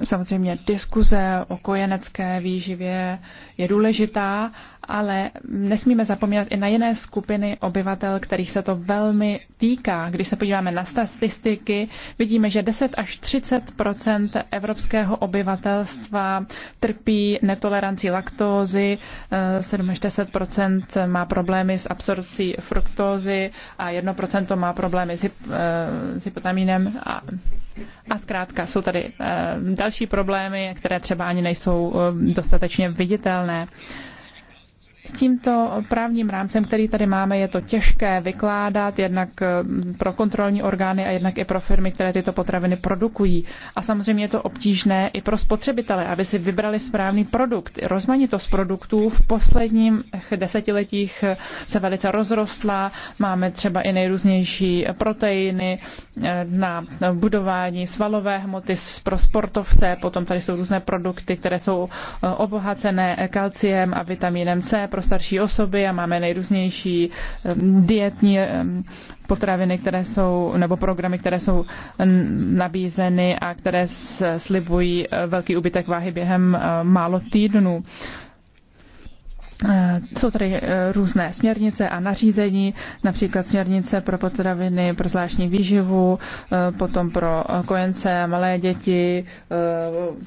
Samozřejmě diskuze o kojenecké výživě je důležitá, ale nesmíme zapomínat i na jiné skupiny obyvatel, kterých se to velmi týká. Když se podíváme na statistiky, vidíme, že 10 až 30 evropského obyvatelstva trpí netolerancí laktózy, 7 eh, až 10 má problémy s absorpcí fruktózy a 1 má problémy s, hyp, eh, s hypotamínem a a zkrátka jsou tady eh, další problémy, které třeba ani nejsou dostatečně viditelné. S tímto právním rámcem, který tady máme, je to těžké vykládat jednak eh, pro kontrolní orgány a jednak i pro firmy, které tyto potraviny produkují. A samozřejmě je to obtížné i pro spotřebitele, aby si vybrali správný produkt. Rozmanitost produktů v posledních desetiletích eh, se velice rozrostla. Máme třeba i nejrůznější proteiny eh, na budování svalové hmoty pro sportovce. Potom tady jsou různé produkty, které jsou obohacené kalciem a vitamínem C pro starší osoby a máme nejrůznější dietní potraviny, které jsou, nebo programy, které jsou nabízeny a které slibují eh, velký úbytek váhy během eh, málo týdnů. Eh, jsou tady eh, různé směrnice a nařízení, například směrnice pro potraviny, pro zvláštní výživu, eh, potom pro kojence, malé děti,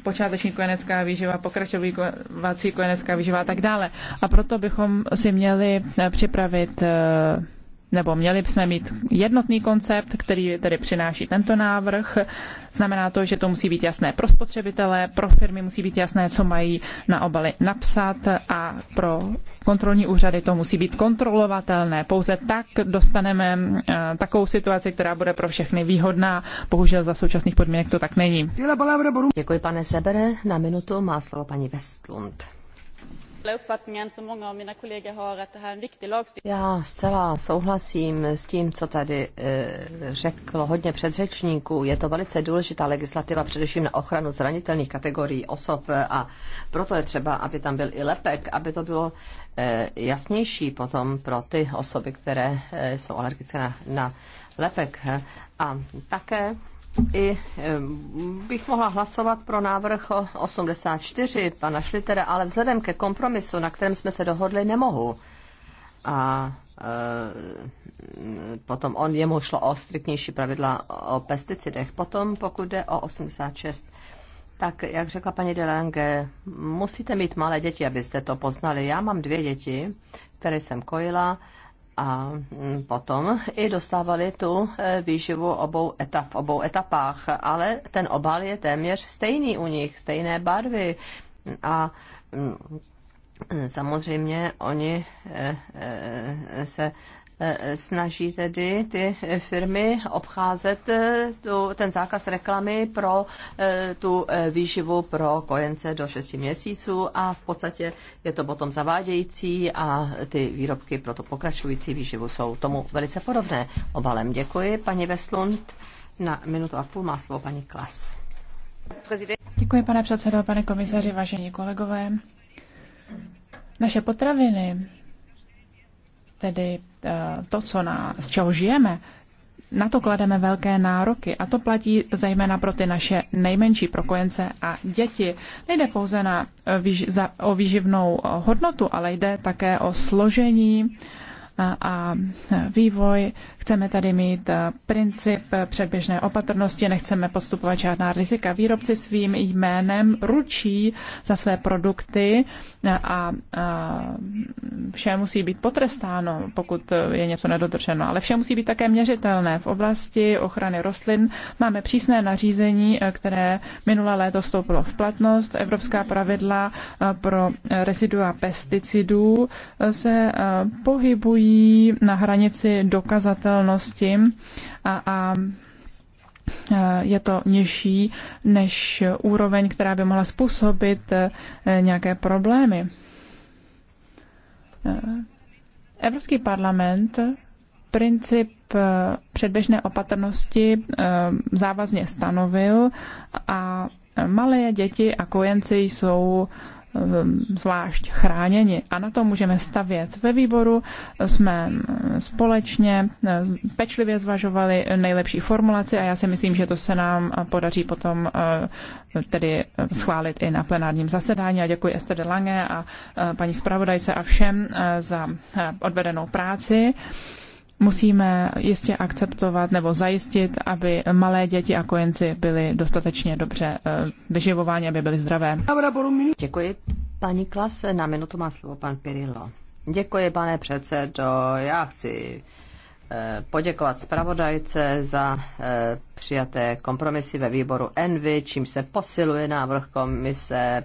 počáteční kojenecká výživa, pokračovací kojenecká výživa a tak dále. A proto bychom si měli připravit nebo měli bychom mít jednotný koncept, který tedy přináší tento návrh. Znamená to, že to musí být jasné pro spotřebitele, pro firmy musí být jasné, co mají na obaly napsat a pro kontrolní úřady to musí být kontrolovatelné. Pouze tak dostaneme eh, takovou situaci, která bude pro všechny výhodná. Bohužel za současných podmínek to tak není. Děkuji, pane Sebere. Na minutu má slovo paní Westlund. Já zcela souhlasím s tím, co tady eh, řeklo hodně předřečníků. Je to velice důležitá legislativa, především na ochranu zranitelných kategorií osob eh, a proto je třeba, aby tam byl i lepek, aby to bylo eh, jasnější potom pro ty osoby, které jsou alergické na, na lepek. A také i bych mohla hlasovat pro návrh 84 pana Šlitera, ale vzhledem ke kompromisu, na kterém jsme se dohodli, nemohu. A e, potom on, jemu šlo o striktnější pravidla o pesticidech. Potom, pokud jde o 86, tak jak řekla paní Delange, musíte mít malé děti, abyste to poznali. Já mám dvě děti, které jsem kojila. E, a potom i dostávali tu eh, výživu obou etap, v obou etapách, ale ten obal je téměř stejný u nich, stejné barvy a mm, samozřejmě oni eh, eh, se Eh, snaží tedy ty eh, firmy obcházet eh, tu, ten zákaz reklamy pro tu výživu pro kojence do 6 měsíců a v podstatě je to potom zavádějící a ty výrobky pro tu pokračující výživu jsou tomu velice podobné. Obalem děkuji, paní Veslund. Na minutu a půl má slovo paní Klas. Děkuji, pane předsedo, pane komisaři, vážení kolegové. Naše potraviny tedy eh, to, co na, z čeho žijeme, na to klademe velké nároky a to platí zejména pro ty naše nejmenší prokojence a děti. Nejde pouze na, eh, o výživnou eh, hodnotu, ale jde také o složení a vývoj. Chceme tady mít eh, princip předběžné opatrnosti, nechceme postupovat žádná rizika. Výrobci svým jménem ručí za své produkty eh, a eh, vše musí být potrestáno, pokud je něco nedodrženo. Ale vše musí být také měřitelné. V oblasti ochrany rostlin máme přísné nařízení, které minulé léto vstoupilo v platnost. Evropská pravidla pro rezidua pesticidů se pohybují na hranici dokazatelnosti a, a je to nižší než úroveň, která by mohla způsobit e, nějaké problémy. E, Evropský parlament princip e, předběžné opatrnosti závazně stanovil a malé děti a kojenci jsou Eh, zvlášť chráněni. A na to můžeme stavět. Ve výboru jsme společně eh, pečlivě zvažovali nejlepší formulaci a já si myslím, že to se nám podaří potom eh, tedy schválit i na plenárním zasedání. A děkuji Esther Lange a paní zpravodajce a všem za odvedenou práci musíme jistě akceptovat nebo zajistit, aby malé děti a kojenci byli dostatečně dobře eh, vyživováni, aby byli zdravé. Děkuji. Paní Klas, na minutu má slovo pan Pirillo. Děkuji, pane předsedo. Já chci poděkovat zpravodajce za eh, přijaté kompromisy ve výboru Envy, čím se posiluje návrh komise,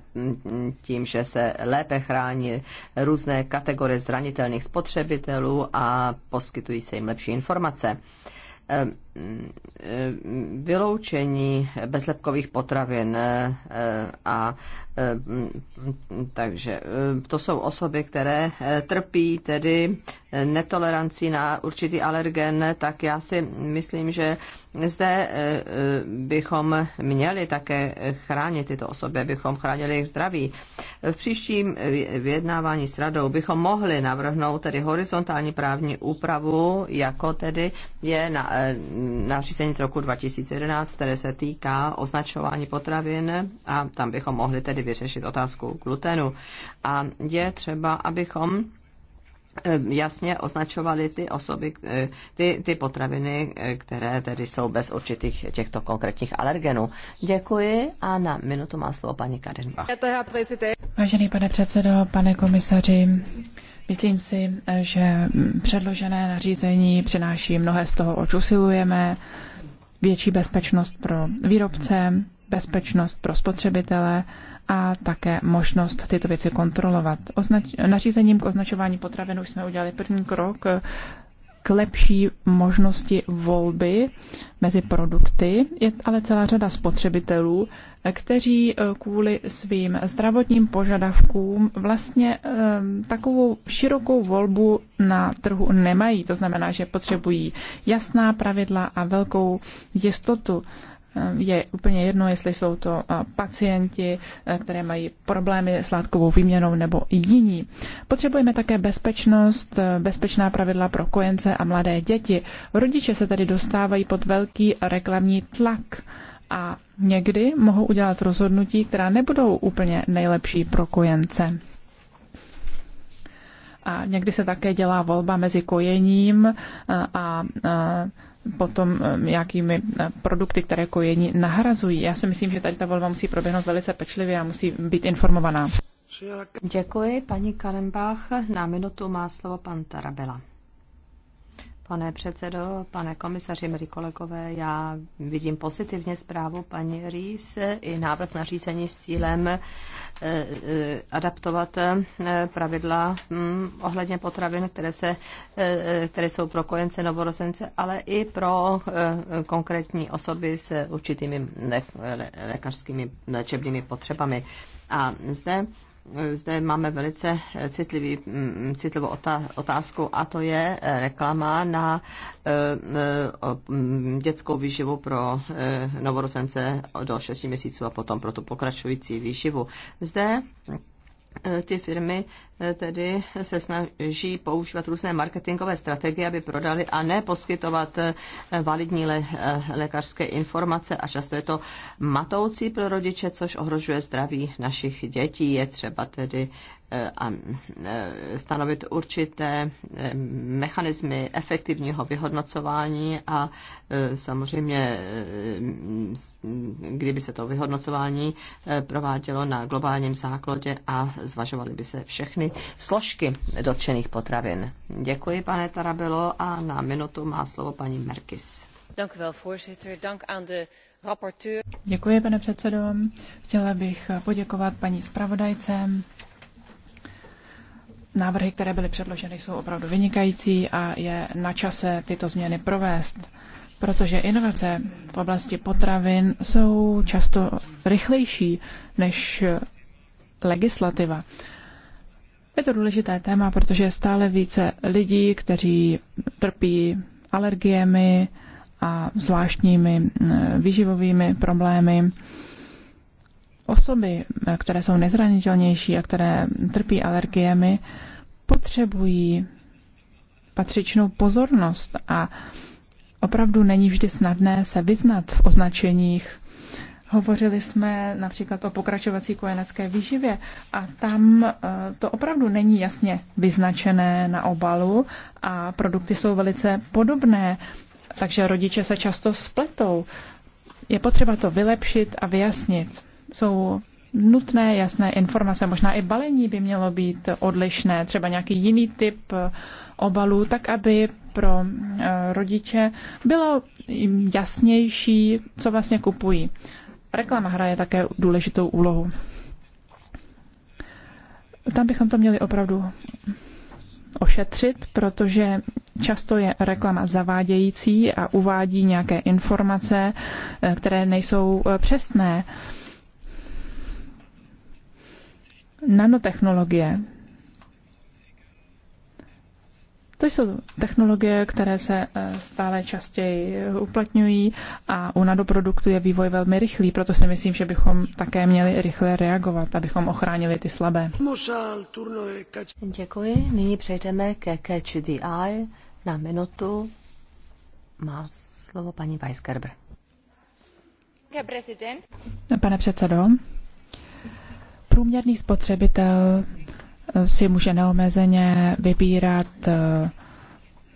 tím, že se lépe chrání různé kategorie zranitelných spotřebitelů a poskytují se jim lepší informace vyloučení bezlepkových potravin eh, eh, a eh, takže to jsou osoby, které trpí tedy netolerancí na určitý alergen, tak já si myslím, že zde bychom měli také chránit tyto osoby, bychom chránili jejich zdraví. V příštím vyjednávání s radou bychom mohli navrhnout tedy horizontální právní úpravu, jako tedy je na Eh, nařízení z roku 2011, které se týká označování potravin a tam bychom mohli tedy vyřešit otázku glutenu. A je třeba, abychom eh, jasně označovali ty osoby, eh, ty, ty potraviny, které tedy jsou bez určitých těchto konkrétních alergenů. Děkuji a na minutu má slovo paní Kadenba. Vážený pane předsedo, pane komisaři, Myslím si, že předložené nařízení přináší mnohé z toho, oč usilujeme, větší bezpečnost pro výrobce, bezpečnost pro spotřebitele a také možnost tyto věci kontrolovat. Označ- nařízením k označování potravin už jsme udělali první krok k lepší možnosti volby mezi produkty. Je ale celá řada spotřebitelů, kteří eh, kvůli svým zdravotním požadavkům vlastně ehm, takovou širokou volbu na trhu nemají. To znamená, že potřebují jasná pravidla a velkou jistotu. Ehm, je úplně jedno, jestli jsou to eh, pacienti, eh, které mají problémy s látkovou výměnou nebo jiní. Potřebujeme také bezpečnost, eh, bezpečná pravidla pro kojence a mladé děti. Rodiče se tedy dostávají pod velký reklamní tlak a někdy mohou udělat rozhodnutí, která nebudou úplně nejlepší pro kojence. A někdy se také dělá volba mezi kojením a, a potom nějakými eh, eh, produkty, které kojení nahrazují. Já si myslím, že tady ta volba musí proběhnout velice pečlivě a musí být informovaná. Děkuji, paní Karenbach. Na minutu má slovo pan Tarabela. Pane předsedo, pane komisaři, milí kolegové, já vidím pozitivně zprávu paní Rýs i návrh na řízení s cílem e, e, adaptovat e, pravidla hm, ohledně potravin, které, se, které jsou pro kojence, novorozence, ale i pro konkrétní osoby s určitými lékařskými léčebnými potřebami. A zde zde máme velice citlivý, mm, citlivou otázku a to je eh, reklama na eh, eh, mm, dětskou výživu pro novorozence do 6 měsíců a potom pro tu pokračující výživu. Zde Eh, ty firmy eh, tedy se snaží používat různé marketingové strategie, aby prodali a ne poskytovat eh, validní le- lékařské informace a často je to matoucí pro rodiče, což ohrožuje zdraví našich dětí. Je třeba tedy Eh, a eh, stanovit určité eh, mechanismy efektivního vyhodnocování a samozřejmě, kdyby se to vyhodnocování provádělo na globálním základě a zvažovaly by se všechny složky dotčených potravin. Děkuji, pane Tarabilo, a na minutu má slovo paní Merkis. Děkuji, pane předsedo. Chtěla bych poděkovat paní zpravodajce návrhy, které byly předloženy, jsou opravdu vynikající a je na čase tyto změny provést, protože inovace v oblasti potravin jsou často rychlejší než legislativa. Je to důležité téma, protože je stále více lidí, kteří trpí alergiemi a zvláštními mm, výživovými problémy. Osoby, které jsou nezranitelnější a které trpí alergiemi, potřebují patřičnou pozornost a opravdu není vždy snadné se vyznat v označeních. Hovořili jsme například o pokračovací kojenecké výživě a tam eh, to opravdu není jasně vyznačené na obalu a produkty jsou velice podobné, takže rodiče se často spletou. Je potřeba to vylepšit a vyjasnit jsou nutné jasné informace. Možná i balení by mělo být odlišné, třeba nějaký jiný typ obalů, tak aby pro eh, rodiče bylo jasnější, co vlastně kupují. Reklama hraje také důležitou úlohu. Tam bychom to měli opravdu ošetřit, protože často je reklama zavádějící a uvádí nějaké informace, eh, které nejsou eh, přesné nanotechnologie. To jsou technologie, které se eh, stále častěji uplatňují a u nadoproduktu je vývoj velmi rychlý, proto si myslím, že bychom také měli rychle reagovat, abychom ochránili ty slabé. Děkuji. Nyní přejdeme ke Catch the Eye. Na minutu má slovo paní Weisgerber. Pane předsedo, Průměrný spotřebitel eh, si může neomezeně vybírat eh,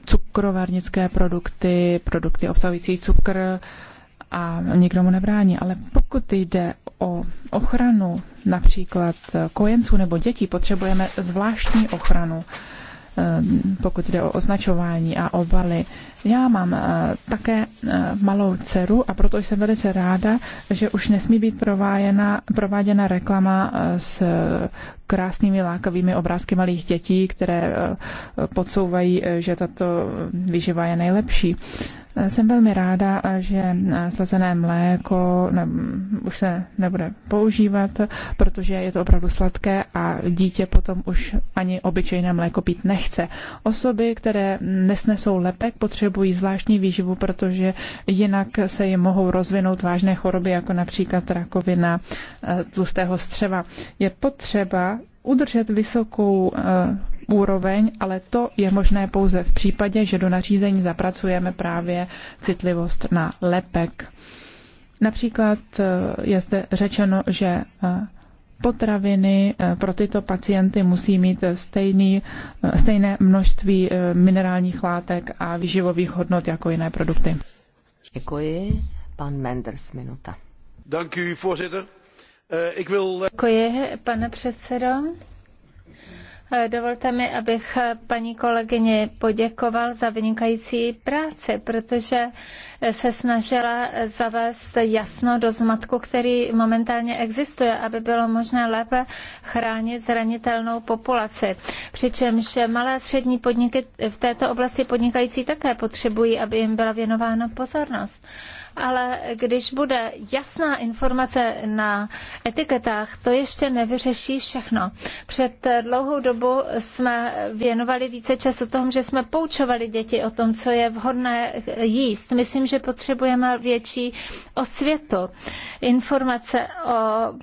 cukrovarnické produkty, produkty obsahující cukr a nikdo mu nebrání. Ale pokud jde o ochranu například eh, kojenců nebo dětí, potřebujeme zvláštní ochranu, pokud jde o označování a obaly. Já mám eh, také eh, malou dceru a proto jsem velice ráda, že už nesmí být prováděna, prováděna reklama eh, s krásnými lákavými obrázky malých dětí, které eh, podsouvají, eh, že tato výživa je nejlepší. Eh, jsem velmi ráda, že slazené mléko už se nebude používat, protože je to opravdu sladké a dítě potom už ani obyčejné mléko pít nechce. Osoby, které nesnesou lepek, potřebují zvláštní výživu, protože jinak se jim mohou rozvinout vážné choroby, jako například rakovina tlustého střeva. Je potřeba udržet vysokou eh, úroveň, ale to je možné pouze v případě, že do nařízení zapracujeme právě citlivost na lepek. Například eh, je zde řečeno, že eh, potraviny pro tyto pacienty musí mít stejný, stejné množství minerálních látek a výživových hodnot jako jiné produkty. Děkuji. Pan Menders, minuta. Děkuji, voorzitter. Eh, eh, Děkuji, pane předsedo. Eh, dovolte mi, abych paní kolegyně poděkoval za vynikající práci, protože se snažila zavést jasno do zmatku, který momentálně existuje, aby bylo možné lépe chránit zranitelnou populaci. Přičemž malé a střední podniky v této oblasti podnikající také potřebují, aby jim byla věnována pozornost ale když bude jasná informace na etiketách, to ještě nevyřeší všechno. Před dlouhou dobu jsme věnovali více času tomu, že jsme poučovali děti o tom, co je vhodné jíst. Myslím, že potřebujeme větší osvětu. Informace o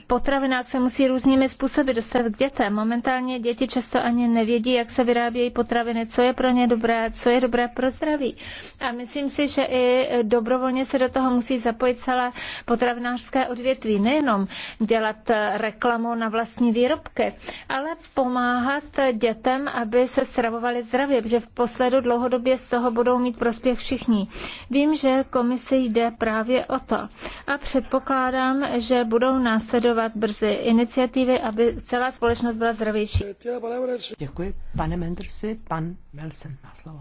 potravinách se musí různými způsoby dostat k dětem. Momentálně děti často ani nevědí, jak se vyrábějí potraviny, co je pro ně dobré, co je dobré pro zdraví. A myslím si, že i dobrovolně se do toho toho musí zapojit celé potravinářské odvětví. Nejenom dělat eh, reklamu na vlastní výrobky, ale pomáhat dětem, aby se stravovali zdravě, protože v posledu dlouhodobě z toho budou mít prospěch všichni. Vím, že Komise jde právě o to a předpokládám, že budou následovat brzy iniciativy, aby celá společnost byla zdravější. Děkuji, pane Mendersi, pan Melsen má slovo.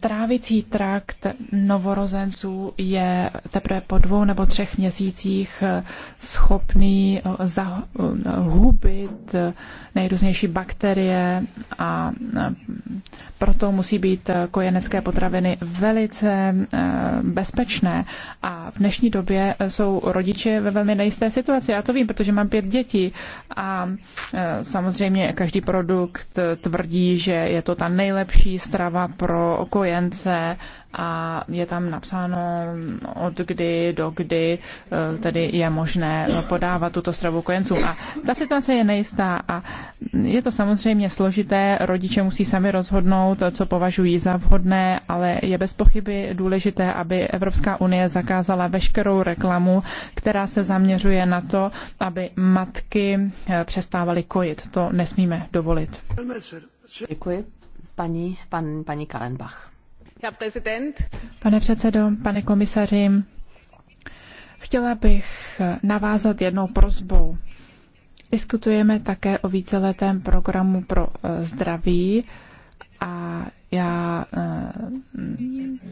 Trávicí trakt novorozenců je teprve po dvou nebo třech měsících eh, schopný eh, zahubit eh, nejrůznější bakterie a proto musí být kojenecké potraviny velice bezpečné. A v dnešní době jsou rodiče ve velmi nejisté situaci. Já to vím, protože mám pět dětí a samozřejmě každý produkt tvrdí, že je to ta nejlepší strava pro kojence a je tam napsáno od kdy do kdy eh, tedy je možné podávat tuto stravu kojencům. A ta situace je nejistá a je to samozřejmě složité. Rodiče musí sami rozhodnout, co považují za vhodné, ale je bez pochyby důležité, aby Evropská unie zakázala veškerou reklamu, která se zaměřuje na to, aby matky eh, přestávaly kojit. To nesmíme dovolit. Děkuji paní, pan, paní Kalenbach. Pane předsedo, pane komisaři, chtěla bych navázat jednou prozbou. Diskutujeme také o víceletém programu pro eh, zdraví a já eh,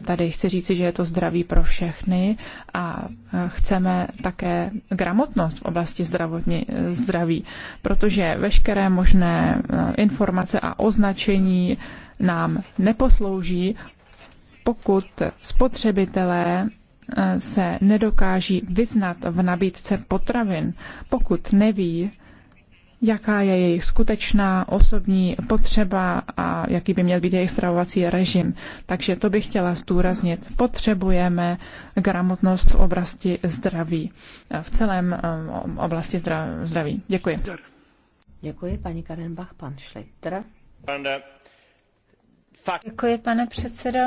tady chci říci, že je to zdraví pro všechny a eh, chceme také gramotnost v oblasti zdravotní, eh, zdraví, protože veškeré možné informace a označení nám neposlouží, pokud spotřebitelé se nedokáží vyznat v nabídce potravin, pokud neví, jaká je jejich skutečná osobní potřeba a jaký by měl být jejich stravovací režim. Takže to bych chtěla zdůraznit. Potřebujeme gramotnost v oblasti zdraví, v celém um, oblasti zdraví. Děkuji. Děkuji, paní Karenbach, pan Schlitter. Děkuji, pane předsedo.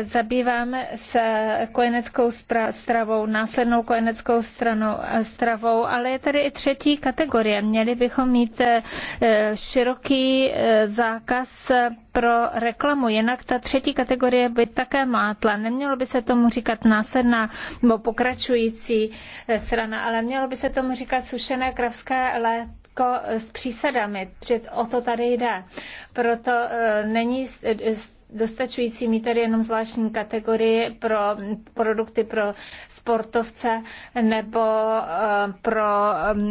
Zabýváme se kojeneckou stravou, následnou kojeneckou stranou, eh, stravou, ale je tady i třetí kategorie. Měli bychom mít eh, široký eh, zákaz pro reklamu, jinak ta třetí kategorie by také mátla. Nemělo by se tomu říkat následná nebo pokračující strana, ale mělo by se tomu říkat sušené kravské léto s přísadami, o to tady jde. Proto není dostačující mít tady jenom zvláštní kategorii pro produkty pro sportovce nebo eh, pro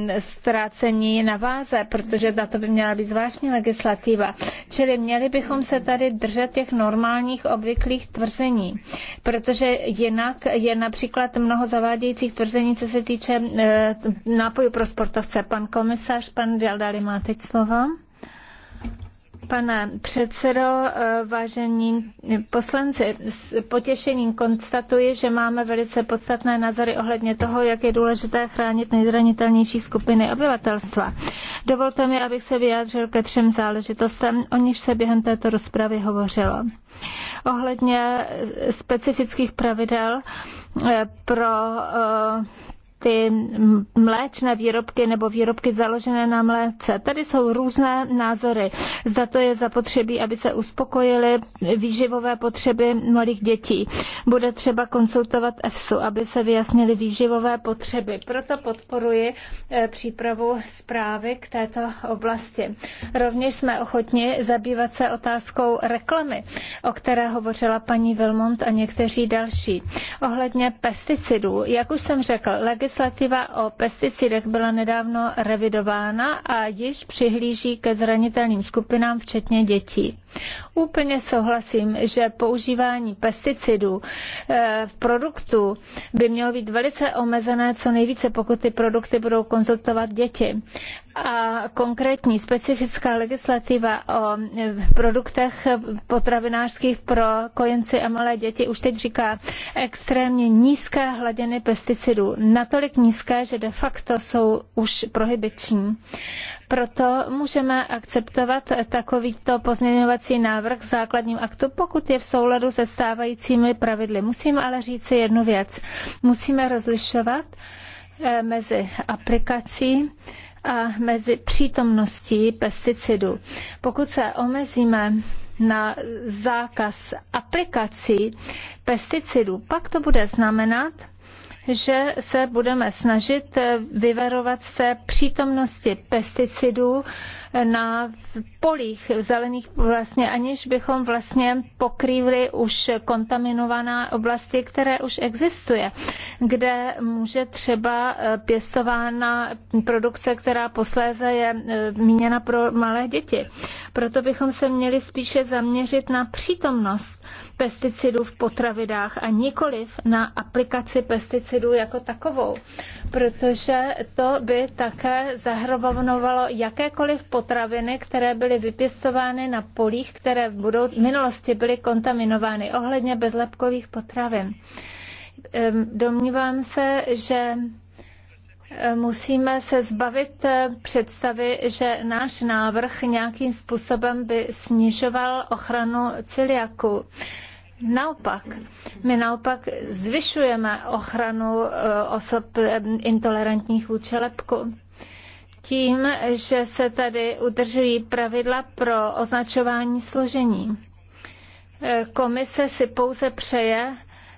eh, ztrácení na váze, protože na to by měla být zvláštní legislativa. Čili měli bychom se tady držet těch normálních obvyklých tvrzení, protože jinak je například mnoho zavádějících tvrzení, co se týče eh, nápojů pro sportovce. Pan komisař, pan Daldali máte teď slovo. Pane předsedo, eh, vážení poslanci, s potěšením konstatuji, že máme velice podstatné názory ohledně toho, jak je důležité chránit nejzranitelnější skupiny obyvatelstva. Dovolte mi, abych se vyjádřil ke třem záležitostem, o nichž se během této rozpravy hovořilo. Ohledně specifických pravidel eh, pro eh, ty mléčné výrobky nebo výrobky založené na mléce. Tady jsou různé názory. Zda to je zapotřebí, aby se uspokojily výživové potřeby malých dětí. Bude třeba konsultovat EFSU, aby se vyjasnily výživové potřeby. Proto podporuji e, přípravu zprávy k této oblasti. Rovněž jsme ochotni zabývat se otázkou reklamy, o které hovořila paní Vilmont a někteří další. Ohledně pesticidů, jak už jsem řekl, legis Legislativa o pesticidech byla nedávno revidována a již přihlíží ke zranitelným skupinám, včetně dětí. Úplně souhlasím, že používání pesticidů eh, v produktu by mělo být velice omezené co nejvíce, pokud ty produkty budou konzultovat děti. A konkrétní specifická legislativa o eh, produktech potravinářských pro kojenci a malé děti už teď říká extrémně nízké hladiny pesticidů. Natolik nízké, že de facto jsou už prohibiční. Proto můžeme akceptovat takovýto pozměňovací návrh v základním aktu, pokud je v souladu se stávajícími pravidly. Musím ale říci jednu věc. Musíme rozlišovat eh, mezi aplikací a mezi přítomností pesticidů. Pokud se omezíme na zákaz aplikací pesticidů, pak to bude znamenat, že se budeme snažit vyvarovat se přítomnosti pesticidů na polích zelených vlastně, aniž bychom vlastně pokrývli už kontaminovaná oblasti, které už existuje, kde může třeba eh, pěstována produkce, která posléze je eh, míněna pro malé děti. Proto bychom se měli spíše zaměřit na přítomnost pesticidů v potravidách a nikoliv na aplikaci pesticidů jako takovou, protože to by také zahrobovnovalo jakékoliv potraviny, které byly byly vypěstovány na polích, které v, minulosti byly kontaminovány ohledně bezlepkových potravin. Ehm, domnívám se, že ehm, musíme se zbavit eh, představy, že náš návrh nějakým způsobem by snižoval ochranu celiaku. Naopak, my naopak zvyšujeme ochranu eh, osob ehm, intolerantních vůči lepku tím, že se tady udržují pravidla pro označování složení. Komise si pouze přeje,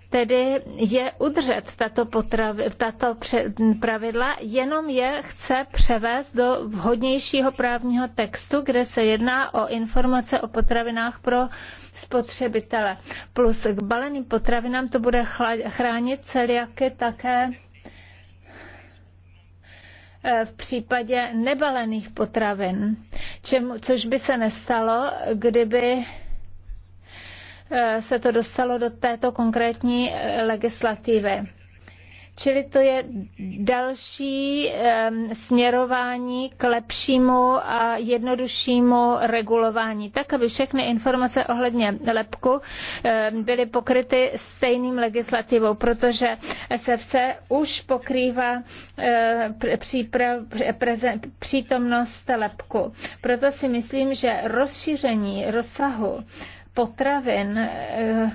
tedy je udržet tato, potravi, tato pře, pravidla, jenom je chce převést do vhodnějšího právního textu, kde se jedná o informace o potravinách pro spotřebitele. Plus k baleným potravinám to bude chránit celiaky také v případě nebalených potravin, čem, což by se nestalo, kdyby eh, se to dostalo do této konkrétní eh, legislativy. Čili to je další směrování k lepšímu a jednoduššímu regulování, tak aby všechny informace ohledně lepku byly pokryty stejným legislativou, protože SFC už pokrývá eh, příprav, prezen, přítomnost lepku. Proto si myslím, že rozšíření rozsahu potravin eh,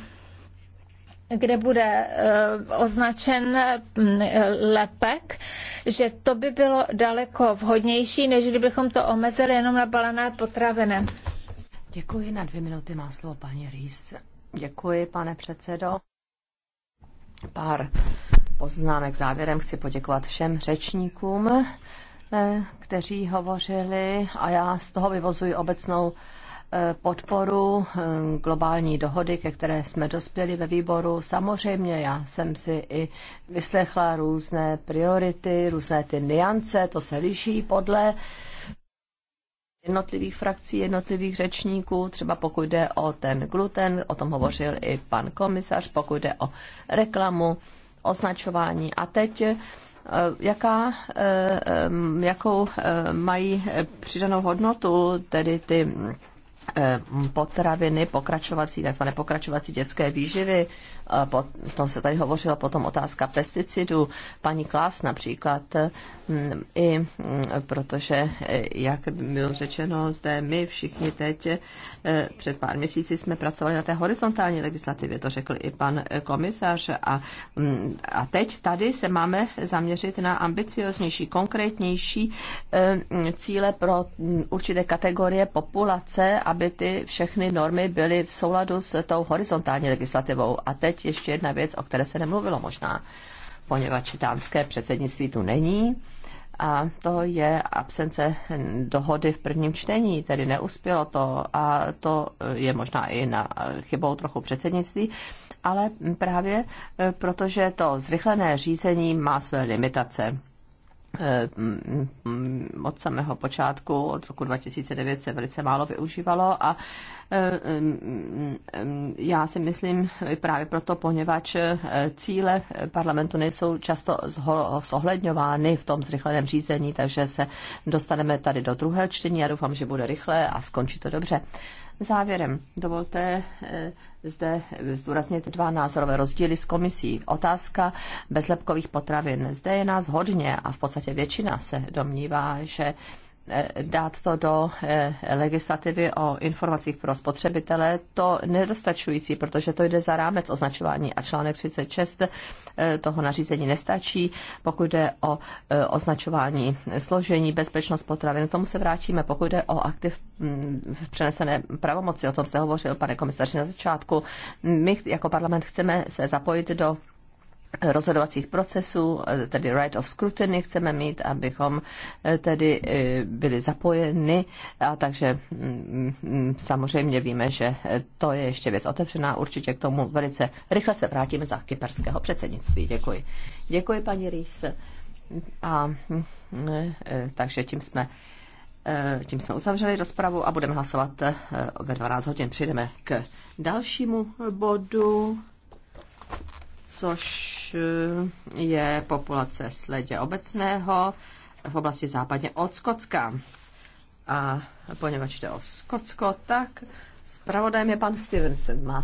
kde bude eh, označen mm, lepek, že to by bylo daleko vhodnější, než kdybychom to omezili jenom na balené potraviny. Děkuji, na dvě minuty má slovo paní Rýs. Děkuji, pane předsedo. Pár poznámek závěrem. Chci poděkovat všem řečníkům, eh, kteří hovořili a já z toho vyvozuji obecnou podporu eh, globální dohody, ke které jsme dospěli ve výboru. Samozřejmě já jsem si i vyslechla různé priority, různé ty niance, to se liší podle jednotlivých frakcí, jednotlivých řečníků, třeba pokud jde o ten gluten, o tom hovořil i pan komisař, pokud jde o reklamu, označování. A teď eh, jaká, eh, jakou mají přidanou hodnotu tedy ty Eh, potraviny, pokračovací, takzvané pokračovací dětské výživy potom se tady hovořila potom otázka pesticidů, paní Klás například, mm, i mm, protože, eh, jak bylo řečeno zde, my všichni teď eh, před pár měsíci jsme pracovali na té horizontální legislativě, to řekl i pan eh, komisař a, mm, a teď tady se máme zaměřit na ambicioznější, konkrétnější cíle pro určité kategorie populace, aby ty všechny normy byly v souladu s tou horizontální legislativou. A teď teď ještě jedna věc, o které se nemluvilo možná, poněvadž dánské předsednictví tu není. A to je absence dohody v prvním čtení, tedy neuspělo to a to je možná i na chybou trochu předsednictví, ale právě eh, protože to zrychlené řízení má své limitace Eh, od samého počátku, od roku 2009 se velice málo využívalo a eh, mm, já si myslím právě proto, poněvadž eh, cíle parlamentu nejsou často zohledňovány v tom zrychleném řízení, takže se dostaneme tady do druhého čtení. a doufám, že bude rychle a skončí to dobře. Závěrem dovolte eh, zde zdůraznit dva názorové rozdíly s komisí. Otázka bezlepkových potravin. Zde je nás hodně a v podstatě většina se domnívá, že eh, dát to do eh, legislativy o informacích pro spotřebitele, to nedostačující, protože to jde za rámec označování a článek 36 E, toho nařízení nestačí, pokud jde o e, označování složení, bezpečnost potravin. K tomu se vrátíme, pokud jde o aktiv v přenesené pravomoci, o tom jste hovořil, pane komisaři, na začátku. My jako parlament chceme se zapojit do rozhodovacích procesů, tedy right of scrutiny chceme mít, abychom eh, tedy eh, byli zapojeni. A takže mm, mm, samozřejmě víme, že eh, to je ještě věc otevřená. Určitě k tomu velice rychle se vrátíme za kyperského předsednictví. Děkuji. Děkuji, paní Rýs. A mm, takže tím jsme tím jsme uzavřeli rozpravu a budeme hlasovat ve 12 hodin. Přijdeme k dalšímu bodu což eh, je populace sledě obecného v oblasti západně od Skocka. A poněvadž jde o Skotsko, tak zpravodajem je pan Stevenson. Má